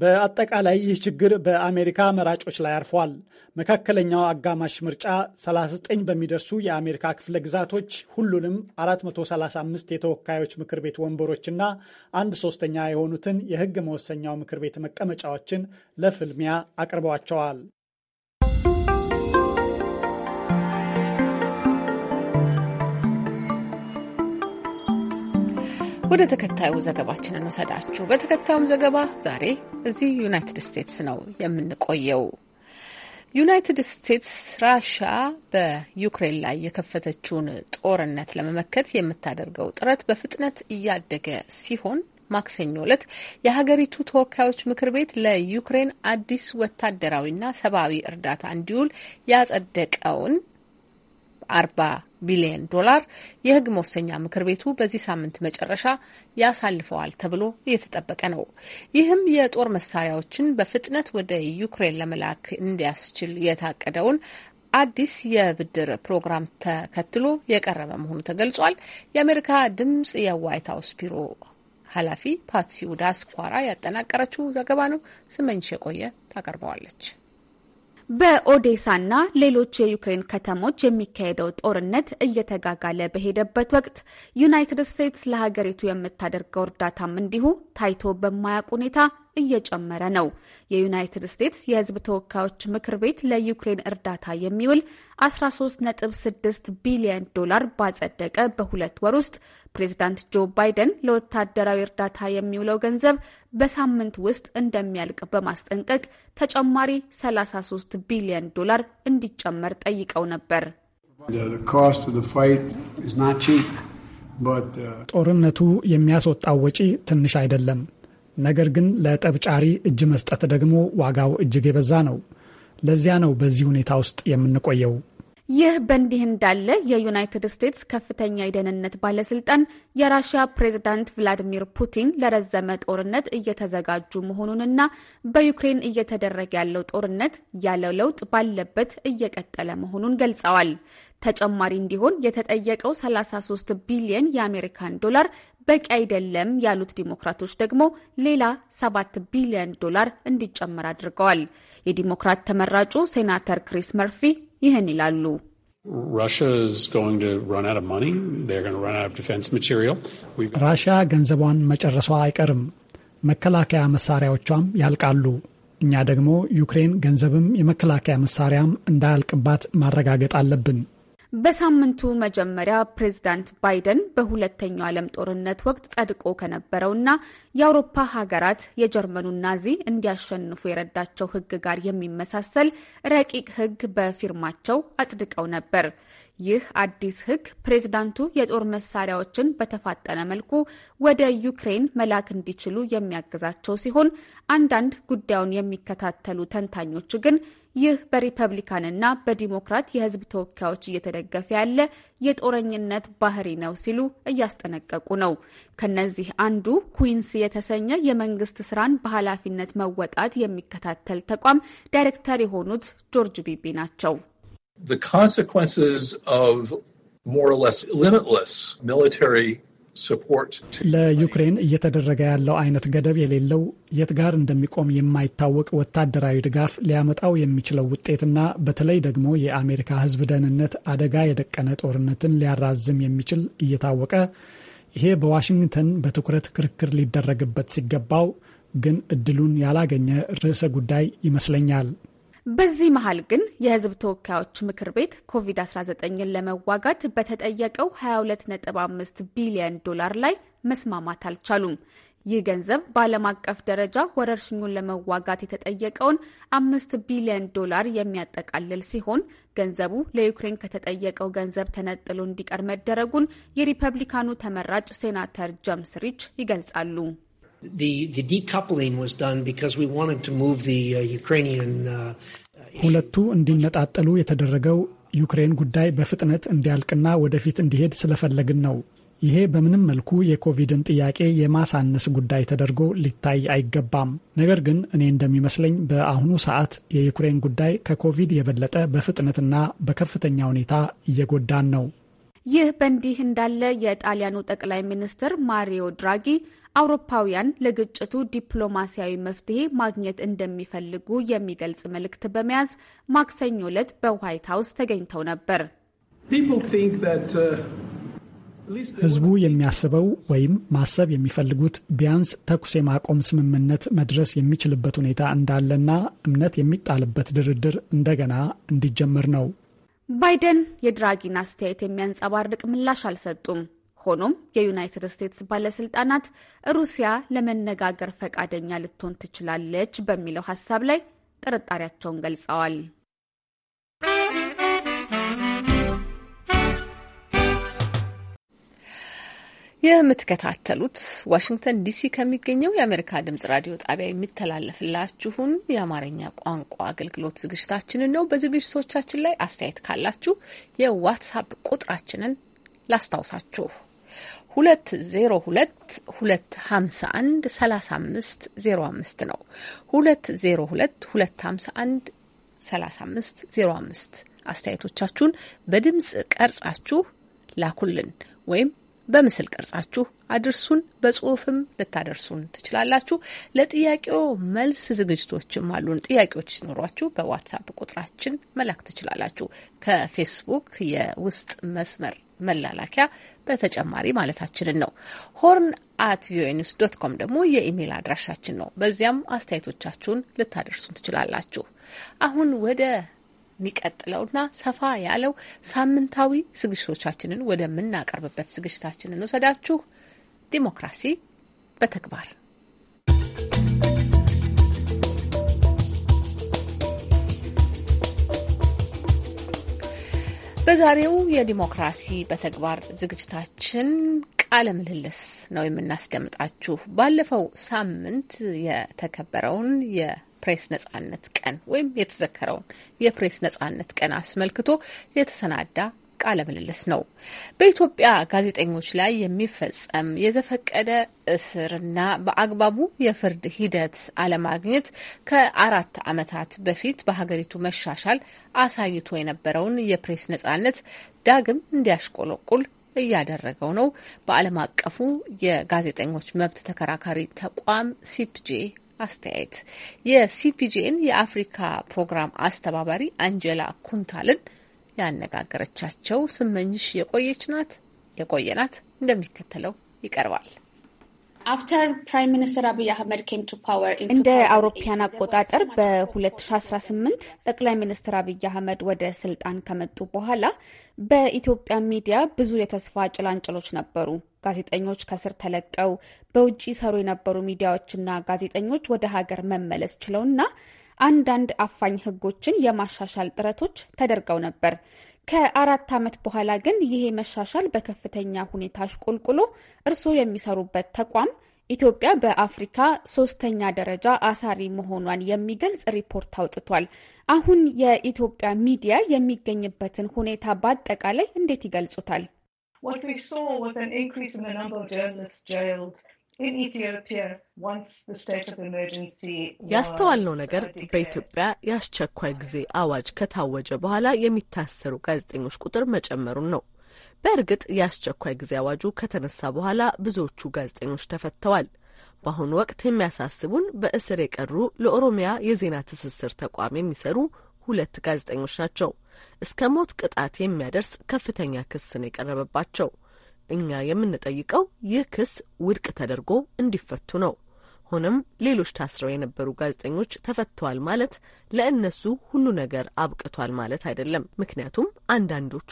በአጠቃላይ ይህ ችግር በአሜሪካ መራጮች ላይ አርፏል። መካከለኛው አጋማሽ ምርጫ 39 በሚደርሱ የአሜሪካ ክፍለ ግዛቶች ሁሉንም 435 የተወካዮች ምክር ቤት ወንበሮችና አንድ ሶስተኛ የሆኑትን የሕግ መወሰኛው ምክር ቤት መቀመጫዎችን ለፍልሚያ አቅርበዋቸዋል። ወደ ተከታዩ ዘገባችን እንውሰዳችሁ። በተከታዩም ዘገባ ዛሬ እዚህ ዩናይትድ ስቴትስ ነው የምንቆየው። ዩናይትድ ስቴትስ ራሻ በዩክሬን ላይ የከፈተችውን ጦርነት ለመመከት የምታደርገው ጥረት በፍጥነት እያደገ ሲሆን ማክሰኞ ዕለት የሀገሪቱ ተወካዮች ምክር ቤት ለዩክሬን አዲስ ወታደራዊና ሰብአዊ እርዳታ እንዲውል ያጸደቀውን 40 ቢሊዮን ዶላር የህግ መወሰኛ ምክር ቤቱ በዚህ ሳምንት መጨረሻ ያሳልፈዋል ተብሎ እየተጠበቀ ነው። ይህም የጦር መሳሪያዎችን በፍጥነት ወደ ዩክሬን ለመላክ እንዲያስችል የታቀደውን አዲስ የብድር ፕሮግራም ተከትሎ የቀረበ መሆኑ ተገልጿል። የአሜሪካ ድምጽ የዋይት ሀውስ ቢሮ ኃላፊ ፓትሲ ውዳስኳራ ያጠናቀረችው ዘገባ ነው። ስመኝሽ የቆየ ታቀርበዋለች። በኦዴሳና ሌሎች የዩክሬን ከተሞች የሚካሄደው ጦርነት እየተጋጋለ በሄደበት ወቅት ዩናይትድ ስቴትስ ለሀገሪቱ የምታደርገው እርዳታም እንዲሁ ታይቶ በማያውቅ ሁኔታ እየጨመረ ነው። የዩናይትድ ስቴትስ የሕዝብ ተወካዮች ምክር ቤት ለዩክሬን እርዳታ የሚውል 13.6 ቢሊዮን ዶላር ባጸደቀ በሁለት ወር ውስጥ ፕሬዚዳንት ጆ ባይደን ለወታደራዊ እርዳታ የሚውለው ገንዘብ በሳምንት ውስጥ እንደሚያልቅ በማስጠንቀቅ ተጨማሪ 33 ቢሊዮን ዶላር እንዲጨመር ጠይቀው ነበር። uh, ጦርነቱ የሚያስወጣው ወጪ ትንሽ አይደለም። ነገር ግን ለጠብጫሪ እጅ መስጠት ደግሞ ዋጋው እጅግ የበዛ ነው። ለዚያ ነው በዚህ ሁኔታ ውስጥ የምንቆየው። ይህ በእንዲህ እንዳለ የዩናይትድ ስቴትስ ከፍተኛ የደህንነት ባለስልጣን የራሽያ ፕሬዝዳንት ቭላዲሚር ፑቲን ለረዘመ ጦርነት እየተዘጋጁ መሆኑንና በዩክሬን እየተደረገ ያለው ጦርነት ያለ ለውጥ ባለበት እየቀጠለ መሆኑን ገልጸዋል። ተጨማሪ እንዲሆን የተጠየቀው 33 ቢሊየን የአሜሪካን ዶላር በቂ አይደለም ያሉት ዲሞክራቶች ደግሞ ሌላ ሰባት ቢሊዮን ዶላር እንዲጨመር አድርገዋል። የዲሞክራት ተመራጩ ሴናተር ክሪስ መርፊ ይህን ይላሉ። ራሽያ ገንዘቧን መጨረሷ አይቀርም፣ መከላከያ መሳሪያዎቿም ያልቃሉ። እኛ ደግሞ ዩክሬን ገንዘብም የመከላከያ መሳሪያም እንዳያልቅባት ማረጋገጥ አለብን። በሳምንቱ መጀመሪያ ፕሬዝዳንት ባይደን በሁለተኛው ዓለም ጦርነት ወቅት ጸድቆ ከነበረውና የአውሮፓ ሀገራት የጀርመኑን ናዚ እንዲያሸንፉ የረዳቸው ሕግ ጋር የሚመሳሰል ረቂቅ ሕግ በፊርማቸው አጽድቀው ነበር። ይህ አዲስ ሕግ ፕሬዝዳንቱ የጦር መሳሪያዎችን በተፋጠነ መልኩ ወደ ዩክሬን መላክ እንዲችሉ የሚያግዛቸው ሲሆን አንዳንድ ጉዳዩን የሚከታተሉ ተንታኞች ግን ይህ በሪፐብሊካንና በዲሞክራት የህዝብ ተወካዮች እየተደገፈ ያለ የጦረኝነት ባህሪ ነው ሲሉ እያስጠነቀቁ ነው። ከነዚህ አንዱ ኩዊንስ የተሰኘ የመንግስት ስራን በኃላፊነት መወጣት የሚከታተል ተቋም ዳይሬክተር የሆኑት ጆርጅ ቢቢ ናቸው። The more or less limitless military ለዩክሬን እየተደረገ ያለው አይነት ገደብ የሌለው የት ጋር እንደሚቆም የማይታወቅ ወታደራዊ ድጋፍ ሊያመጣው የሚችለው ውጤትና በተለይ ደግሞ የአሜሪካ ሕዝብ ደህንነት አደጋ የደቀነ ጦርነትን ሊያራዝም የሚችል እየታወቀ ይሄ በዋሽንግተን በትኩረት ክርክር ሊደረግበት ሲገባው ግን እድሉን ያላገኘ ርዕሰ ጉዳይ ይመስለኛል። በዚህ መሀል ግን የህዝብ ተወካዮች ምክር ቤት ኮቪድ-19ን ለመዋጋት በተጠየቀው 22.5 ቢሊዮን ዶላር ላይ መስማማት አልቻሉም። ይህ ገንዘብ በዓለም አቀፍ ደረጃ ወረርሽኙን ለመዋጋት የተጠየቀውን አምስት ቢሊዮን ዶላር የሚያጠቃልል ሲሆን ገንዘቡ ለዩክሬን ከተጠየቀው ገንዘብ ተነጥሎ እንዲቀር መደረጉን የሪፐብሊካኑ ተመራጭ ሴናተር ጀምስ ሪች ይገልጻሉ። ሁለቱ እንዲነጣጠሉ የተደረገው ዩክሬን ጉዳይ በፍጥነት እንዲያልቅና ወደፊት እንዲሄድ ስለፈለግን ነው። ይሄ በምንም መልኩ የኮቪድን ጥያቄ የማሳነስ ጉዳይ ተደርጎ ሊታይ አይገባም። ነገር ግን እኔ እንደሚመስለኝ በአሁኑ ሰዓት የዩክሬን ጉዳይ ከኮቪድ የበለጠ በፍጥነትና በከፍተኛ ሁኔታ እየጎዳን ነው። ይህ በእንዲህ እንዳለ የጣሊያኑ ጠቅላይ ሚኒስትር ማሪዮ ድራጊ አውሮፓውያን ለግጭቱ ዲፕሎማሲያዊ መፍትሄ ማግኘት እንደሚፈልጉ የሚገልጽ መልእክት በመያዝ ማክሰኞ ዕለት በዋይት ሀውስ ተገኝተው ነበር። uh, ህዝቡ የሚያስበው ወይም ማሰብ የሚፈልጉት ቢያንስ ተኩስ የማቆም ስምምነት መድረስ የሚችልበት ሁኔታ እንዳለና እምነት የሚጣልበት ድርድር እንደገና እንዲጀመር ነው። ባይደን የድራጊን አስተያየት የሚያንጸባርቅ ምላሽ አልሰጡም። ሆኖም የዩናይትድ ስቴትስ ባለስልጣናት ሩሲያ ለመነጋገር ፈቃደኛ ልትሆን ትችላለች በሚለው ሀሳብ ላይ ጥርጣሬያቸውን ገልጸዋል። የምትከታተሉት ዋሽንግተን ዲሲ ከሚገኘው የአሜሪካ ድምጽ ራዲዮ ጣቢያ የሚተላለፍላችሁን የአማርኛ ቋንቋ አገልግሎት ዝግጅታችንን ነው። በዝግጅቶቻችን ላይ አስተያየት ካላችሁ የዋትሳፕ ቁጥራችንን ላስታውሳችሁ ሁለት ዜሮ ሁለት ሁለት ሀምሳ አንድ ሰላሳ አምስት ዜሮ አምስት ነው። ሁለት ዜሮ ሁለት ሁለት ሀምሳ አንድ ሰላሳ አምስት ዜሮ አምስት አስተያየቶቻችሁን በድምጽ ቀርጻችሁ ላኩልን ወይም በምስል ቀርጻችሁ አድርሱን። በጽሁፍም ልታደርሱን ትችላላችሁ። ለጥያቄው መልስ ዝግጅቶችም አሉን። ጥያቄዎች ሲኖሯችሁ በዋትሳፕ ቁጥራችን መላክ ትችላላችሁ። ከፌስቡክ የውስጥ መስመር መላላኪያ በተጨማሪ ማለታችንን ነው። ሆርን አት ቪኦኤ ኒውስ ዶት ኮም ደግሞ የኢሜይል አድራሻችን ነው። በዚያም አስተያየቶቻችሁን ልታደርሱን ትችላላችሁ። አሁን ወደ የሚቀጥለውና ሰፋ ያለው ሳምንታዊ ዝግጅቶቻችንን ወደምናቀርብበት ዝግጅታችንን ውሰዳችሁ ዲሞክራሲ በተግባር በዛሬው የዲሞክራሲ በተግባር ዝግጅታችን ቃለ ምልልስ ነው የምናስደምጣችሁ። ባለፈው ሳምንት የተከበረውን የፕሬስ ነጻነት ቀን ወይም የተዘከረውን የፕሬስ ነጻነት ቀን አስመልክቶ የተሰናዳ ቃለ ምልልስ ነው። በኢትዮጵያ ጋዜጠኞች ላይ የሚፈጸም የዘፈቀደ እስርና በአግባቡ የፍርድ ሂደት አለማግኘት ከአራት ዓመታት በፊት በሀገሪቱ መሻሻል አሳይቶ የነበረውን የፕሬስ ነጻነት ዳግም እንዲያሽቆለቁል እያደረገው ነው። በዓለም አቀፉ የጋዜጠኞች መብት ተከራካሪ ተቋም ሲፒጄ አስተያየት የሲፒጄን የአፍሪካ ፕሮግራም አስተባባሪ አንጀላ ኩንታልን ያነጋገረቻቸው ስመኝሽ የቆየች ናት የቆየናት እንደሚከተለው ይቀርባል። አፍተር ሚኒስትር እንደ አውሮፓያን አቆጣጠር በ2018 ጠቅላይ ሚኒስትር አብይ አህመድ ወደ ስልጣን ከመጡ በኋላ በኢትዮጵያ ሚዲያ ብዙ የተስፋ ጭላንጭሎች ነበሩ። ጋዜጠኞች ከስር ተለቀው በውጭ ሰሩ የነበሩ ሚዲያዎችና ጋዜጠኞች ወደ ሀገር መመለስ ችለውና አንዳንድ አፋኝ ህጎችን የማሻሻል ጥረቶች ተደርገው ነበር። ከአራት ዓመት በኋላ ግን ይሄ መሻሻል በከፍተኛ ሁኔታ አሽቆልቁሎ እርስዎ የሚሰሩበት ተቋም ኢትዮጵያ በአፍሪካ ሶስተኛ ደረጃ አሳሪ መሆኗን የሚገልጽ ሪፖርት አውጥቷል። አሁን የኢትዮጵያ ሚዲያ የሚገኝበትን ሁኔታ በአጠቃላይ እንዴት ይገልጹታል? ያስተዋልነው ነገር በኢትዮጵያ የአስቸኳይ ጊዜ አዋጅ ከታወጀ በኋላ የሚታሰሩ ጋዜጠኞች ቁጥር መጨመሩን ነው። በእርግጥ የአስቸኳይ ጊዜ አዋጁ ከተነሳ በኋላ ብዙዎቹ ጋዜጠኞች ተፈተዋል። በአሁኑ ወቅት የሚያሳስቡን በእስር የቀሩ ለኦሮሚያ የዜና ትስስር ተቋም የሚሰሩ ሁለት ጋዜጠኞች ናቸው። እስከ ሞት ቅጣት የሚያደርስ ከፍተኛ ክስ ነው የቀረበባቸው። እኛ የምንጠይቀው ይህ ክስ ውድቅ ተደርጎ እንዲፈቱ ነው። ሆነም ሌሎች ታስረው የነበሩ ጋዜጠኞች ተፈተዋል ማለት ለእነሱ ሁሉ ነገር አብቅቷል ማለት አይደለም። ምክንያቱም አንዳንዶቹ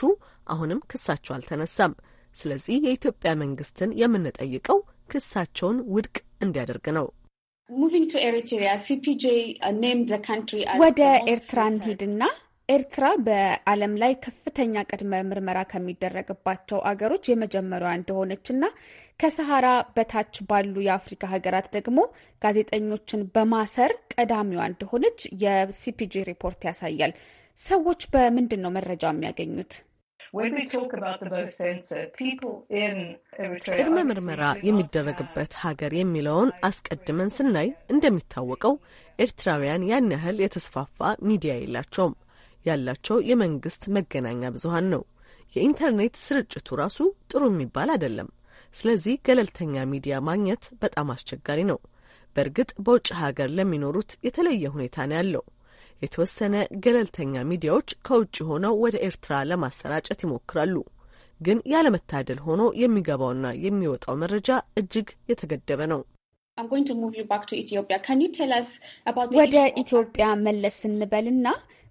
አሁንም ክሳቸው አልተነሳም። ስለዚህ የኢትዮጵያ መንግስትን የምንጠይቀው ክሳቸውን ውድቅ እንዲያደርግ ነው። uh, ወደ ኤርትራን ሂድና ኤርትራ በዓለም ላይ ከፍተኛ ቅድመ ምርመራ ከሚደረግባቸው አገሮች የመጀመሪያ እንደሆነች እና ከሰሃራ በታች ባሉ የአፍሪካ ሀገራት ደግሞ ጋዜጠኞችን በማሰር ቀዳሚዋ እንደሆነች የሲፒጂ ሪፖርት ያሳያል። ሰዎች በምንድን ነው መረጃ የሚያገኙት? ቅድመ ምርመራ የሚደረግበት ሀገር የሚለውን አስቀድመን ስናይ እንደሚታወቀው ኤርትራውያን ያን ያህል የተስፋፋ ሚዲያ የላቸውም። ያላቸው የመንግስት መገናኛ ብዙሀን ነው። የኢንተርኔት ስርጭቱ ራሱ ጥሩ የሚባል አይደለም። ስለዚህ ገለልተኛ ሚዲያ ማግኘት በጣም አስቸጋሪ ነው። በእርግጥ በውጭ ሀገር ለሚኖሩት የተለየ ሁኔታ ነው ያለው። የተወሰነ ገለልተኛ ሚዲያዎች ከውጭ ሆነው ወደ ኤርትራ ለማሰራጨት ይሞክራሉ። ግን ያለመታደል ሆኖ የሚገባውና የሚወጣው መረጃ እጅግ የተገደበ ነው። ወደ ኢትዮጵያ መለስ ስንበልና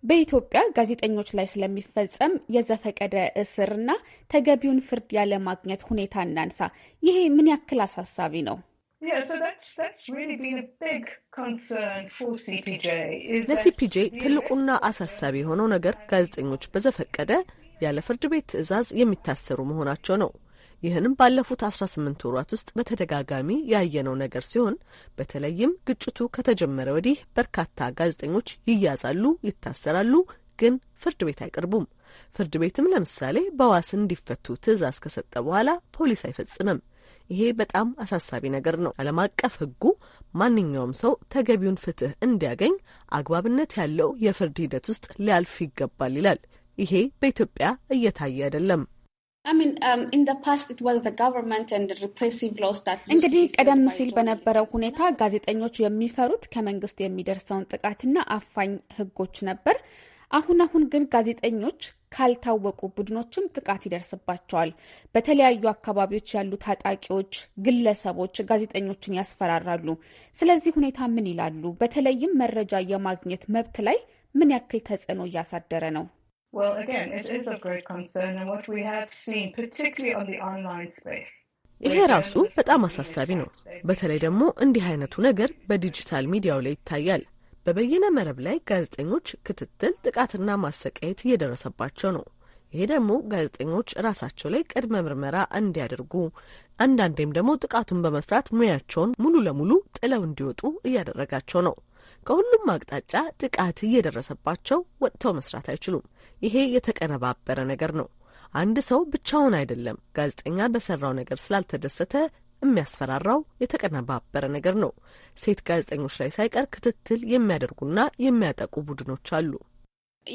በኢትዮጵያ ጋዜጠኞች ላይ ስለሚፈጸም የዘፈቀደ እስርና ተገቢውን ፍርድ ያለማግኘት ሁኔታ እናንሳ። ይሄ ምን ያክል አሳሳቢ ነው? ለሲፒጄ ትልቁና አሳሳቢ የሆነው ነገር ጋዜጠኞች በዘፈቀደ ያለ ፍርድ ቤት ትዕዛዝ የሚታሰሩ መሆናቸው ነው። ይህንም ባለፉት አስራ ስምንት ወራት ውስጥ በተደጋጋሚ ያየነው ነገር ሲሆን በተለይም ግጭቱ ከተጀመረ ወዲህ በርካታ ጋዜጠኞች ይያዛሉ፣ ይታሰራሉ፣ ግን ፍርድ ቤት አይቀርቡም። ፍርድ ቤትም ለምሳሌ በዋስ እንዲፈቱ ትዕዛዝ ከሰጠ በኋላ ፖሊስ አይፈጽምም። ይሄ በጣም አሳሳቢ ነገር ነው። ዓለም አቀፍ ሕጉ ማንኛውም ሰው ተገቢውን ፍትህ እንዲያገኝ አግባብነት ያለው የፍርድ ሂደት ውስጥ ሊያልፍ ይገባል ይላል። ይሄ በኢትዮጵያ እየታየ አይደለም። Um, እንግዲህ ቀደም ሲል በነበረው ሁኔታ ጋዜጠኞች የሚፈሩት ከመንግስት የሚደርሰውን ጥቃትና አፋኝ ህጎች ነበር። አሁን አሁን ግን ጋዜጠኞች ካልታወቁ ቡድኖችም ጥቃት ይደርስባቸዋል። በተለያዩ አካባቢዎች ያሉ ታጣቂዎች፣ ግለሰቦች ጋዜጠኞችን ያስፈራራሉ። ስለዚህ ሁኔታ ምን ይላሉ? በተለይም መረጃ የማግኘት መብት ላይ ምን ያክል ተጽዕኖ እያሳደረ ነው? Well, again, it is of great concern and what we have seen, particularly on the online space. ይሄ ራሱ በጣም አሳሳቢ ነው። በተለይ ደግሞ እንዲህ አይነቱ ነገር በዲጂታል ሚዲያው ላይ ይታያል። በበይነ መረብ ላይ ጋዜጠኞች ክትትል፣ ጥቃትና ማሰቃየት እየደረሰባቸው ነው። ይሄ ደግሞ ጋዜጠኞች ራሳቸው ላይ ቅድመ ምርመራ እንዲያደርጉ አንዳንዴም ደግሞ ጥቃቱን በመፍራት ሙያቸውን ሙሉ ለሙሉ ጥለው እንዲወጡ እያደረጋቸው ነው። ከሁሉም አቅጣጫ ጥቃት እየደረሰባቸው ወጥተው መስራት አይችሉም። ይሄ የተቀነባበረ ነገር ነው። አንድ ሰው ብቻውን አይደለም። ጋዜጠኛ በሰራው ነገር ስላልተደሰተ የሚያስፈራራው የተቀነባበረ ነገር ነው። ሴት ጋዜጠኞች ላይ ሳይቀር ክትትል የሚያደርጉና የሚያጠቁ ቡድኖች አሉ።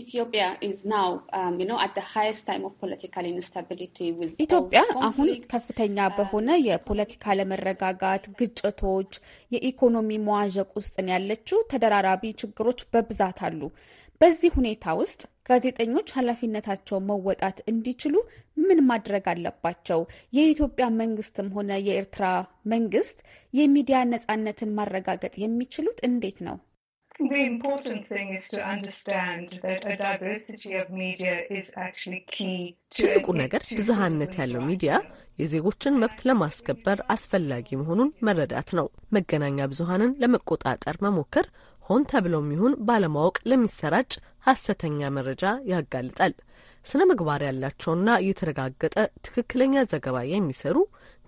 ኢትዮጵያ um, አሁን ከፍተኛ um, በሆነ የፖለቲካ አለመረጋጋት፣ ግጭቶች፣ የኢኮኖሚ መዋዠቅ ውስጥን ያለችው ተደራራቢ ችግሮች በብዛት አሉ። በዚህ ሁኔታ ውስጥ ጋዜጠኞች ኃላፊነታቸውን መወጣት እንዲችሉ ምን ማድረግ አለባቸው? የኢትዮጵያ መንግስትም ሆነ የኤርትራ መንግስት የሚዲያ ነጻነትን ማረጋገጥ የሚችሉት እንዴት ነው? the important thing is to understand that a diversity of media is actually key to ትልቁ ነገር ብዝሃነት ያለው ሚዲያ የዜጎችን መብት ለማስከበር አስፈላጊ መሆኑን መረዳት ነው። መገናኛ ብዙሃንን ለመቆጣጠር መሞከር ሆን ተብሎም ይሁን ባለማወቅ ለሚሰራጭ ሀሰተኛ መረጃ ያጋልጣል። ስነ ምግባር ያላቸውና የተረጋገጠ ትክክለኛ ዘገባ የሚሰሩ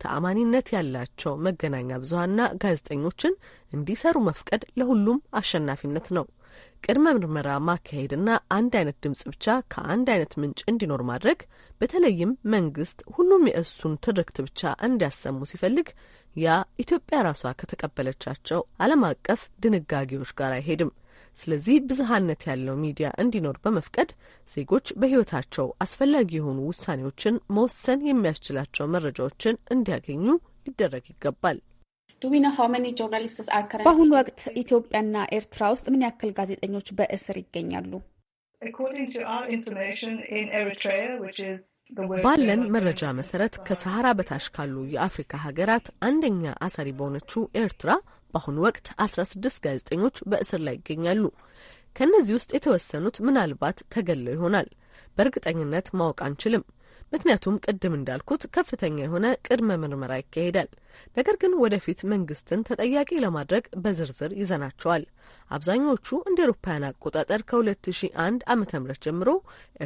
ተአማኒነት ያላቸው መገናኛ ብዙሀንና ጋዜጠኞችን እንዲሰሩ መፍቀድ ለሁሉም አሸናፊነት ነው። ቅድመ ምርመራ ማካሄድና አንድ አይነት ድምጽ ብቻ ከአንድ አይነት ምንጭ እንዲኖር ማድረግ፣ በተለይም መንግስት ሁሉም የእሱን ትርክት ብቻ እንዲያሰሙ ሲፈልግ ያ ኢትዮጵያ ራሷ ከተቀበለቻቸው ዓለም አቀፍ ድንጋጌዎች ጋር አይሄድም። ስለዚህ ብዝሃነት ያለው ሚዲያ እንዲኖር በመፍቀድ ዜጎች በህይወታቸው አስፈላጊ የሆኑ ውሳኔዎችን መወሰን የሚያስችላቸው መረጃዎችን እንዲያገኙ ሊደረግ ይገባል። በአሁኑ ወቅት ኢትዮጵያና ኤርትራ ውስጥ ምን ያክል ጋዜጠኞች በእስር ይገኛሉ? ባለን መረጃ መሰረት ከሰሐራ በታች ካሉ የአፍሪካ ሀገራት አንደኛ አሳሪ በሆነችው ኤርትራ በአሁኑ ወቅት 16 ጋዜጠኞች በእስር ላይ ይገኛሉ። ከእነዚህ ውስጥ የተወሰኑት ምናልባት ተገለው ይሆናል። በእርግጠኝነት ማወቅ አንችልም። ምክንያቱም ቅድም እንዳልኩት ከፍተኛ የሆነ ቅድመ ምርመራ ይካሄዳል። ነገር ግን ወደፊት መንግስትን ተጠያቂ ለማድረግ በዝርዝር ይዘናቸዋል። አብዛኞቹ እንደ አውሮፓውያን አቆጣጠር ከ2001 ዓ ም ጀምሮ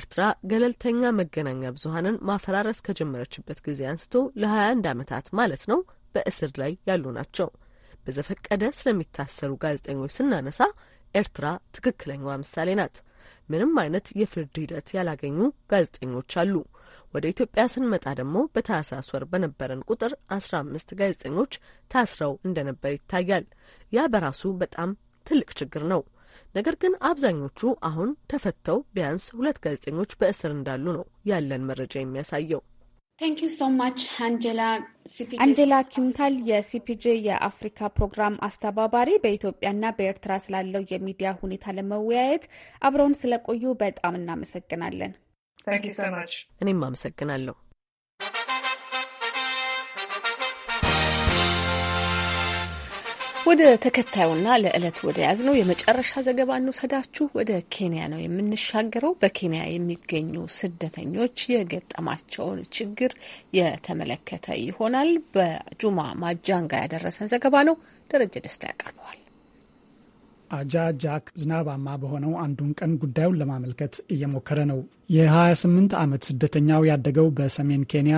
ኤርትራ ገለልተኛ መገናኛ ብዙሀንን ማፈራረስ ከጀመረችበት ጊዜ አንስቶ ለ21 ዓመታት ማለት ነው በእስር ላይ ያሉ ናቸው። በዘፈቀደ ስለሚታሰሩ ጋዜጠኞች ስናነሳ ኤርትራ ትክክለኛዋ ምሳሌ ናት። ምንም አይነት የፍርድ ሂደት ያላገኙ ጋዜጠኞች አሉ። ወደ ኢትዮጵያ ስንመጣ ደግሞ በታህሳስ ወር በነበረን ቁጥር አስራ አምስት ጋዜጠኞች ታስረው እንደነበር ይታያል። ያ በራሱ በጣም ትልቅ ችግር ነው። ነገር ግን አብዛኞቹ አሁን ተፈተው ቢያንስ ሁለት ጋዜጠኞች በእስር እንዳሉ ነው ያለን መረጃ የሚያሳየው። አንጀላ ኪምታል የሲፒጄ የአፍሪካ ፕሮግራም አስተባባሪ፣ በኢትዮጵያና በኤርትራ ስላለው የሚዲያ ሁኔታ ለመወያየት አብረውን ስለቆዩ በጣም እናመሰግናለን። እኔም አመሰግናለሁ። ወደ ተከታዩና ለዕለት ወደ ያዝ ነው የመጨረሻ ዘገባ እንውሰዳችሁ። ወደ ኬንያ ነው የምንሻገረው። በኬንያ የሚገኙ ስደተኞች የገጠማቸውን ችግር የተመለከተ ይሆናል። በጁማ ማጃንጋ ያደረሰን ዘገባ ነው። ደረጀ ደስታ ያቀርበዋል። ጃክ ዝናባማ በሆነው አንዱን ቀን ጉዳዩን ለማመልከት እየሞከረ ነው። የ28 ዓመት ስደተኛው ያደገው በሰሜን ኬንያ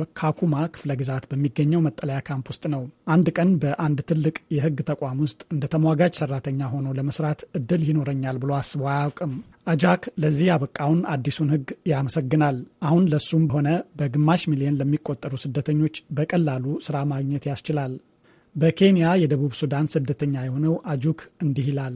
በካኩማ ክፍለ ግዛት በሚገኘው መጠለያ ካምፕ ውስጥ ነው። አንድ ቀን በአንድ ትልቅ የሕግ ተቋም ውስጥ እንደ ተሟጋጅ ሰራተኛ ሆኖ ለመስራት እድል ይኖረኛል ብሎ አስቦ አያውቅም። አጃክ ለዚህ ያበቃውን አዲሱን ሕግ ያመሰግናል። አሁን ለሱም ሆነ በግማሽ ሚሊዮን ለሚቆጠሩ ስደተኞች በቀላሉ ስራ ማግኘት ያስችላል። በኬንያ የደቡብ ሱዳን ስደተኛ የሆነው አጁክ እንዲህ ይላል።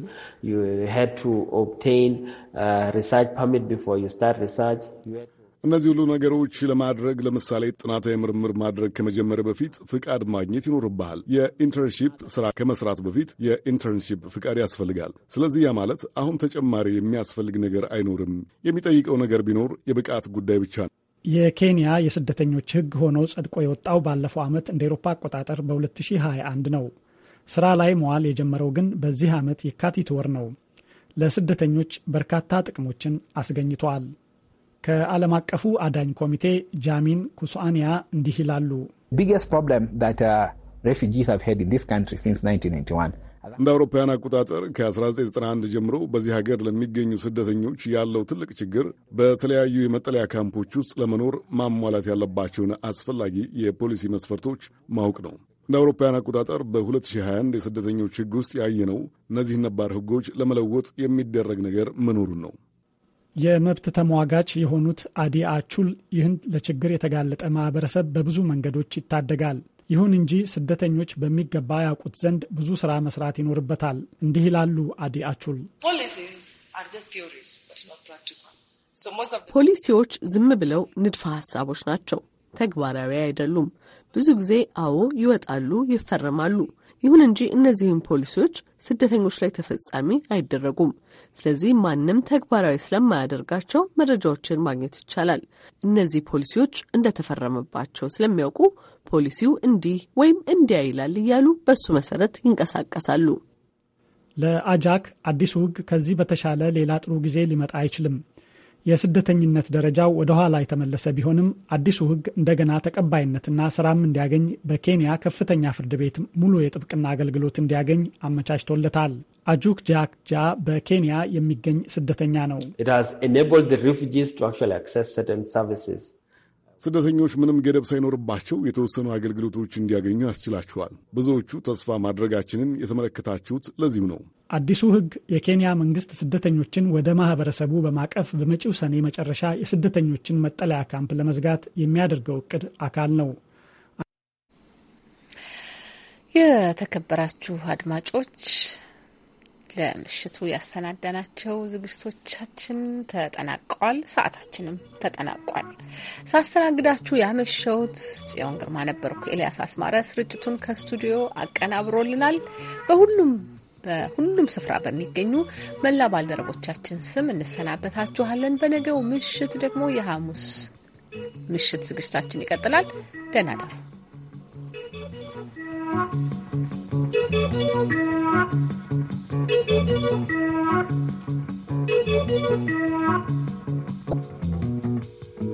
እነዚህ ሁሉ ነገሮች ለማድረግ ለምሳሌ ጥናታዊ ምርምር ማድረግ ከመጀመር በፊት ፍቃድ ማግኘት ይኖርብሃል። የኢንተርንሺፕ ስራ ከመስራት በፊት የኢንተርንሺፕ ፍቃድ ያስፈልጋል። ስለዚህ ያ ማለት አሁን ተጨማሪ የሚያስፈልግ ነገር አይኖርም። የሚጠይቀው ነገር ቢኖር የብቃት ጉዳይ ብቻ ነው። የኬንያ የስደተኞች ሕግ ሆኖ ጸድቆ የወጣው ባለፈው ዓመት እንደ ኤሮፓ አቆጣጠር በ2021 ነው። ስራ ላይ መዋል የጀመረው ግን በዚህ ዓመት የካቲት ወር ነው። ለስደተኞች በርካታ ጥቅሞችን አስገኝተዋል። ከዓለም አቀፉ አዳኝ ኮሚቴ ጃሚን ኩሱአንያ እንዲህ ይላሉ። ፕሮብለም ሬፊጂስ ሃቭ ሄድ ኢን ዲስ ካንትሪ ሲንስ 1991 እንደ አውሮፓውያን አቆጣጠር ከ1991 ጀምሮ በዚህ ሀገር ለሚገኙ ስደተኞች ያለው ትልቅ ችግር በተለያዩ የመጠለያ ካምፖች ውስጥ ለመኖር ማሟላት ያለባቸውን አስፈላጊ የፖሊሲ መስፈርቶች ማወቅ ነው። እንደ አውሮፓውያን አቆጣጠር በ2021 የስደተኞች ሕግ ውስጥ ያየነው እነዚህ ነባር ሕጎች ለመለወጥ የሚደረግ ነገር መኖሩን ነው። የመብት ተሟጋች የሆኑት አዲ አቹል ይህን ለችግር የተጋለጠ ማህበረሰብ በብዙ መንገዶች ይታደጋል። ይሁን እንጂ ስደተኞች በሚገባ ያውቁት ዘንድ ብዙ ስራ መስራት ይኖርበታል። እንዲህ ይላሉ አዲ አቹል። ፖሊሲዎች ዝም ብለው ንድፈ ሀሳቦች ናቸው፣ ተግባራዊ አይደሉም። ብዙ ጊዜ አዎ ይወጣሉ፣ ይፈረማሉ ይሁን እንጂ እነዚህም ፖሊሲዎች ስደተኞች ላይ ተፈጻሚ አይደረጉም። ስለዚህ ማንም ተግባራዊ ስለማያደርጋቸው መረጃዎችን ማግኘት ይቻላል። እነዚህ ፖሊሲዎች እንደተፈረመባቸው ስለሚያውቁ ፖሊሲው እንዲህ ወይም እንዲያ ይላል እያሉ በሱ መሰረት ይንቀሳቀሳሉ። ለአጃክ አዲሱ ሕግ ከዚህ በተሻለ ሌላ ጥሩ ጊዜ ሊመጣ አይችልም። የስደተኝነት ደረጃው ወደ ኋላ የተመለሰ ቢሆንም አዲሱ ሕግ እንደገና ተቀባይነትና ስራም እንዲያገኝ በኬንያ ከፍተኛ ፍርድ ቤት ሙሉ የጥብቅና አገልግሎት እንዲያገኝ አመቻችቶለታል። አጁክ ጃክጃ በኬንያ የሚገኝ ስደተኛ ነው። ስደተኞች ምንም ገደብ ሳይኖርባቸው የተወሰኑ አገልግሎቶች እንዲያገኙ ያስችላቸዋል። ብዙዎቹ ተስፋ ማድረጋችንን የተመለከታችሁት ለዚሁ ነው። አዲሱ ሕግ የኬንያ መንግስት ስደተኞችን ወደ ማህበረሰቡ በማቀፍ በመጪው ሰኔ መጨረሻ የስደተኞችን መጠለያ ካምፕ ለመዝጋት የሚያደርገው እቅድ አካል ነው። የተከበራችሁ አድማጮች ለምሽቱ ያሰናዳናቸው ዝግጅቶቻችን ተጠናቀዋል። ሰዓታችንም ተጠናቋል። ሳስተናግዳችሁ ያመሸውት ጽዮን ግርማ ነበርኩ። ኤልያስ አስማረ ስርጭቱን ከስቱዲዮ አቀናብሮልናል። በሁሉም በሁሉም ስፍራ በሚገኙ መላ ባልደረቦቻችን ስም እንሰናበታችኋለን። በነገው ምሽት ደግሞ የሐሙስ ምሽት ዝግጅታችን ይቀጥላል። ደህና you. Thank you.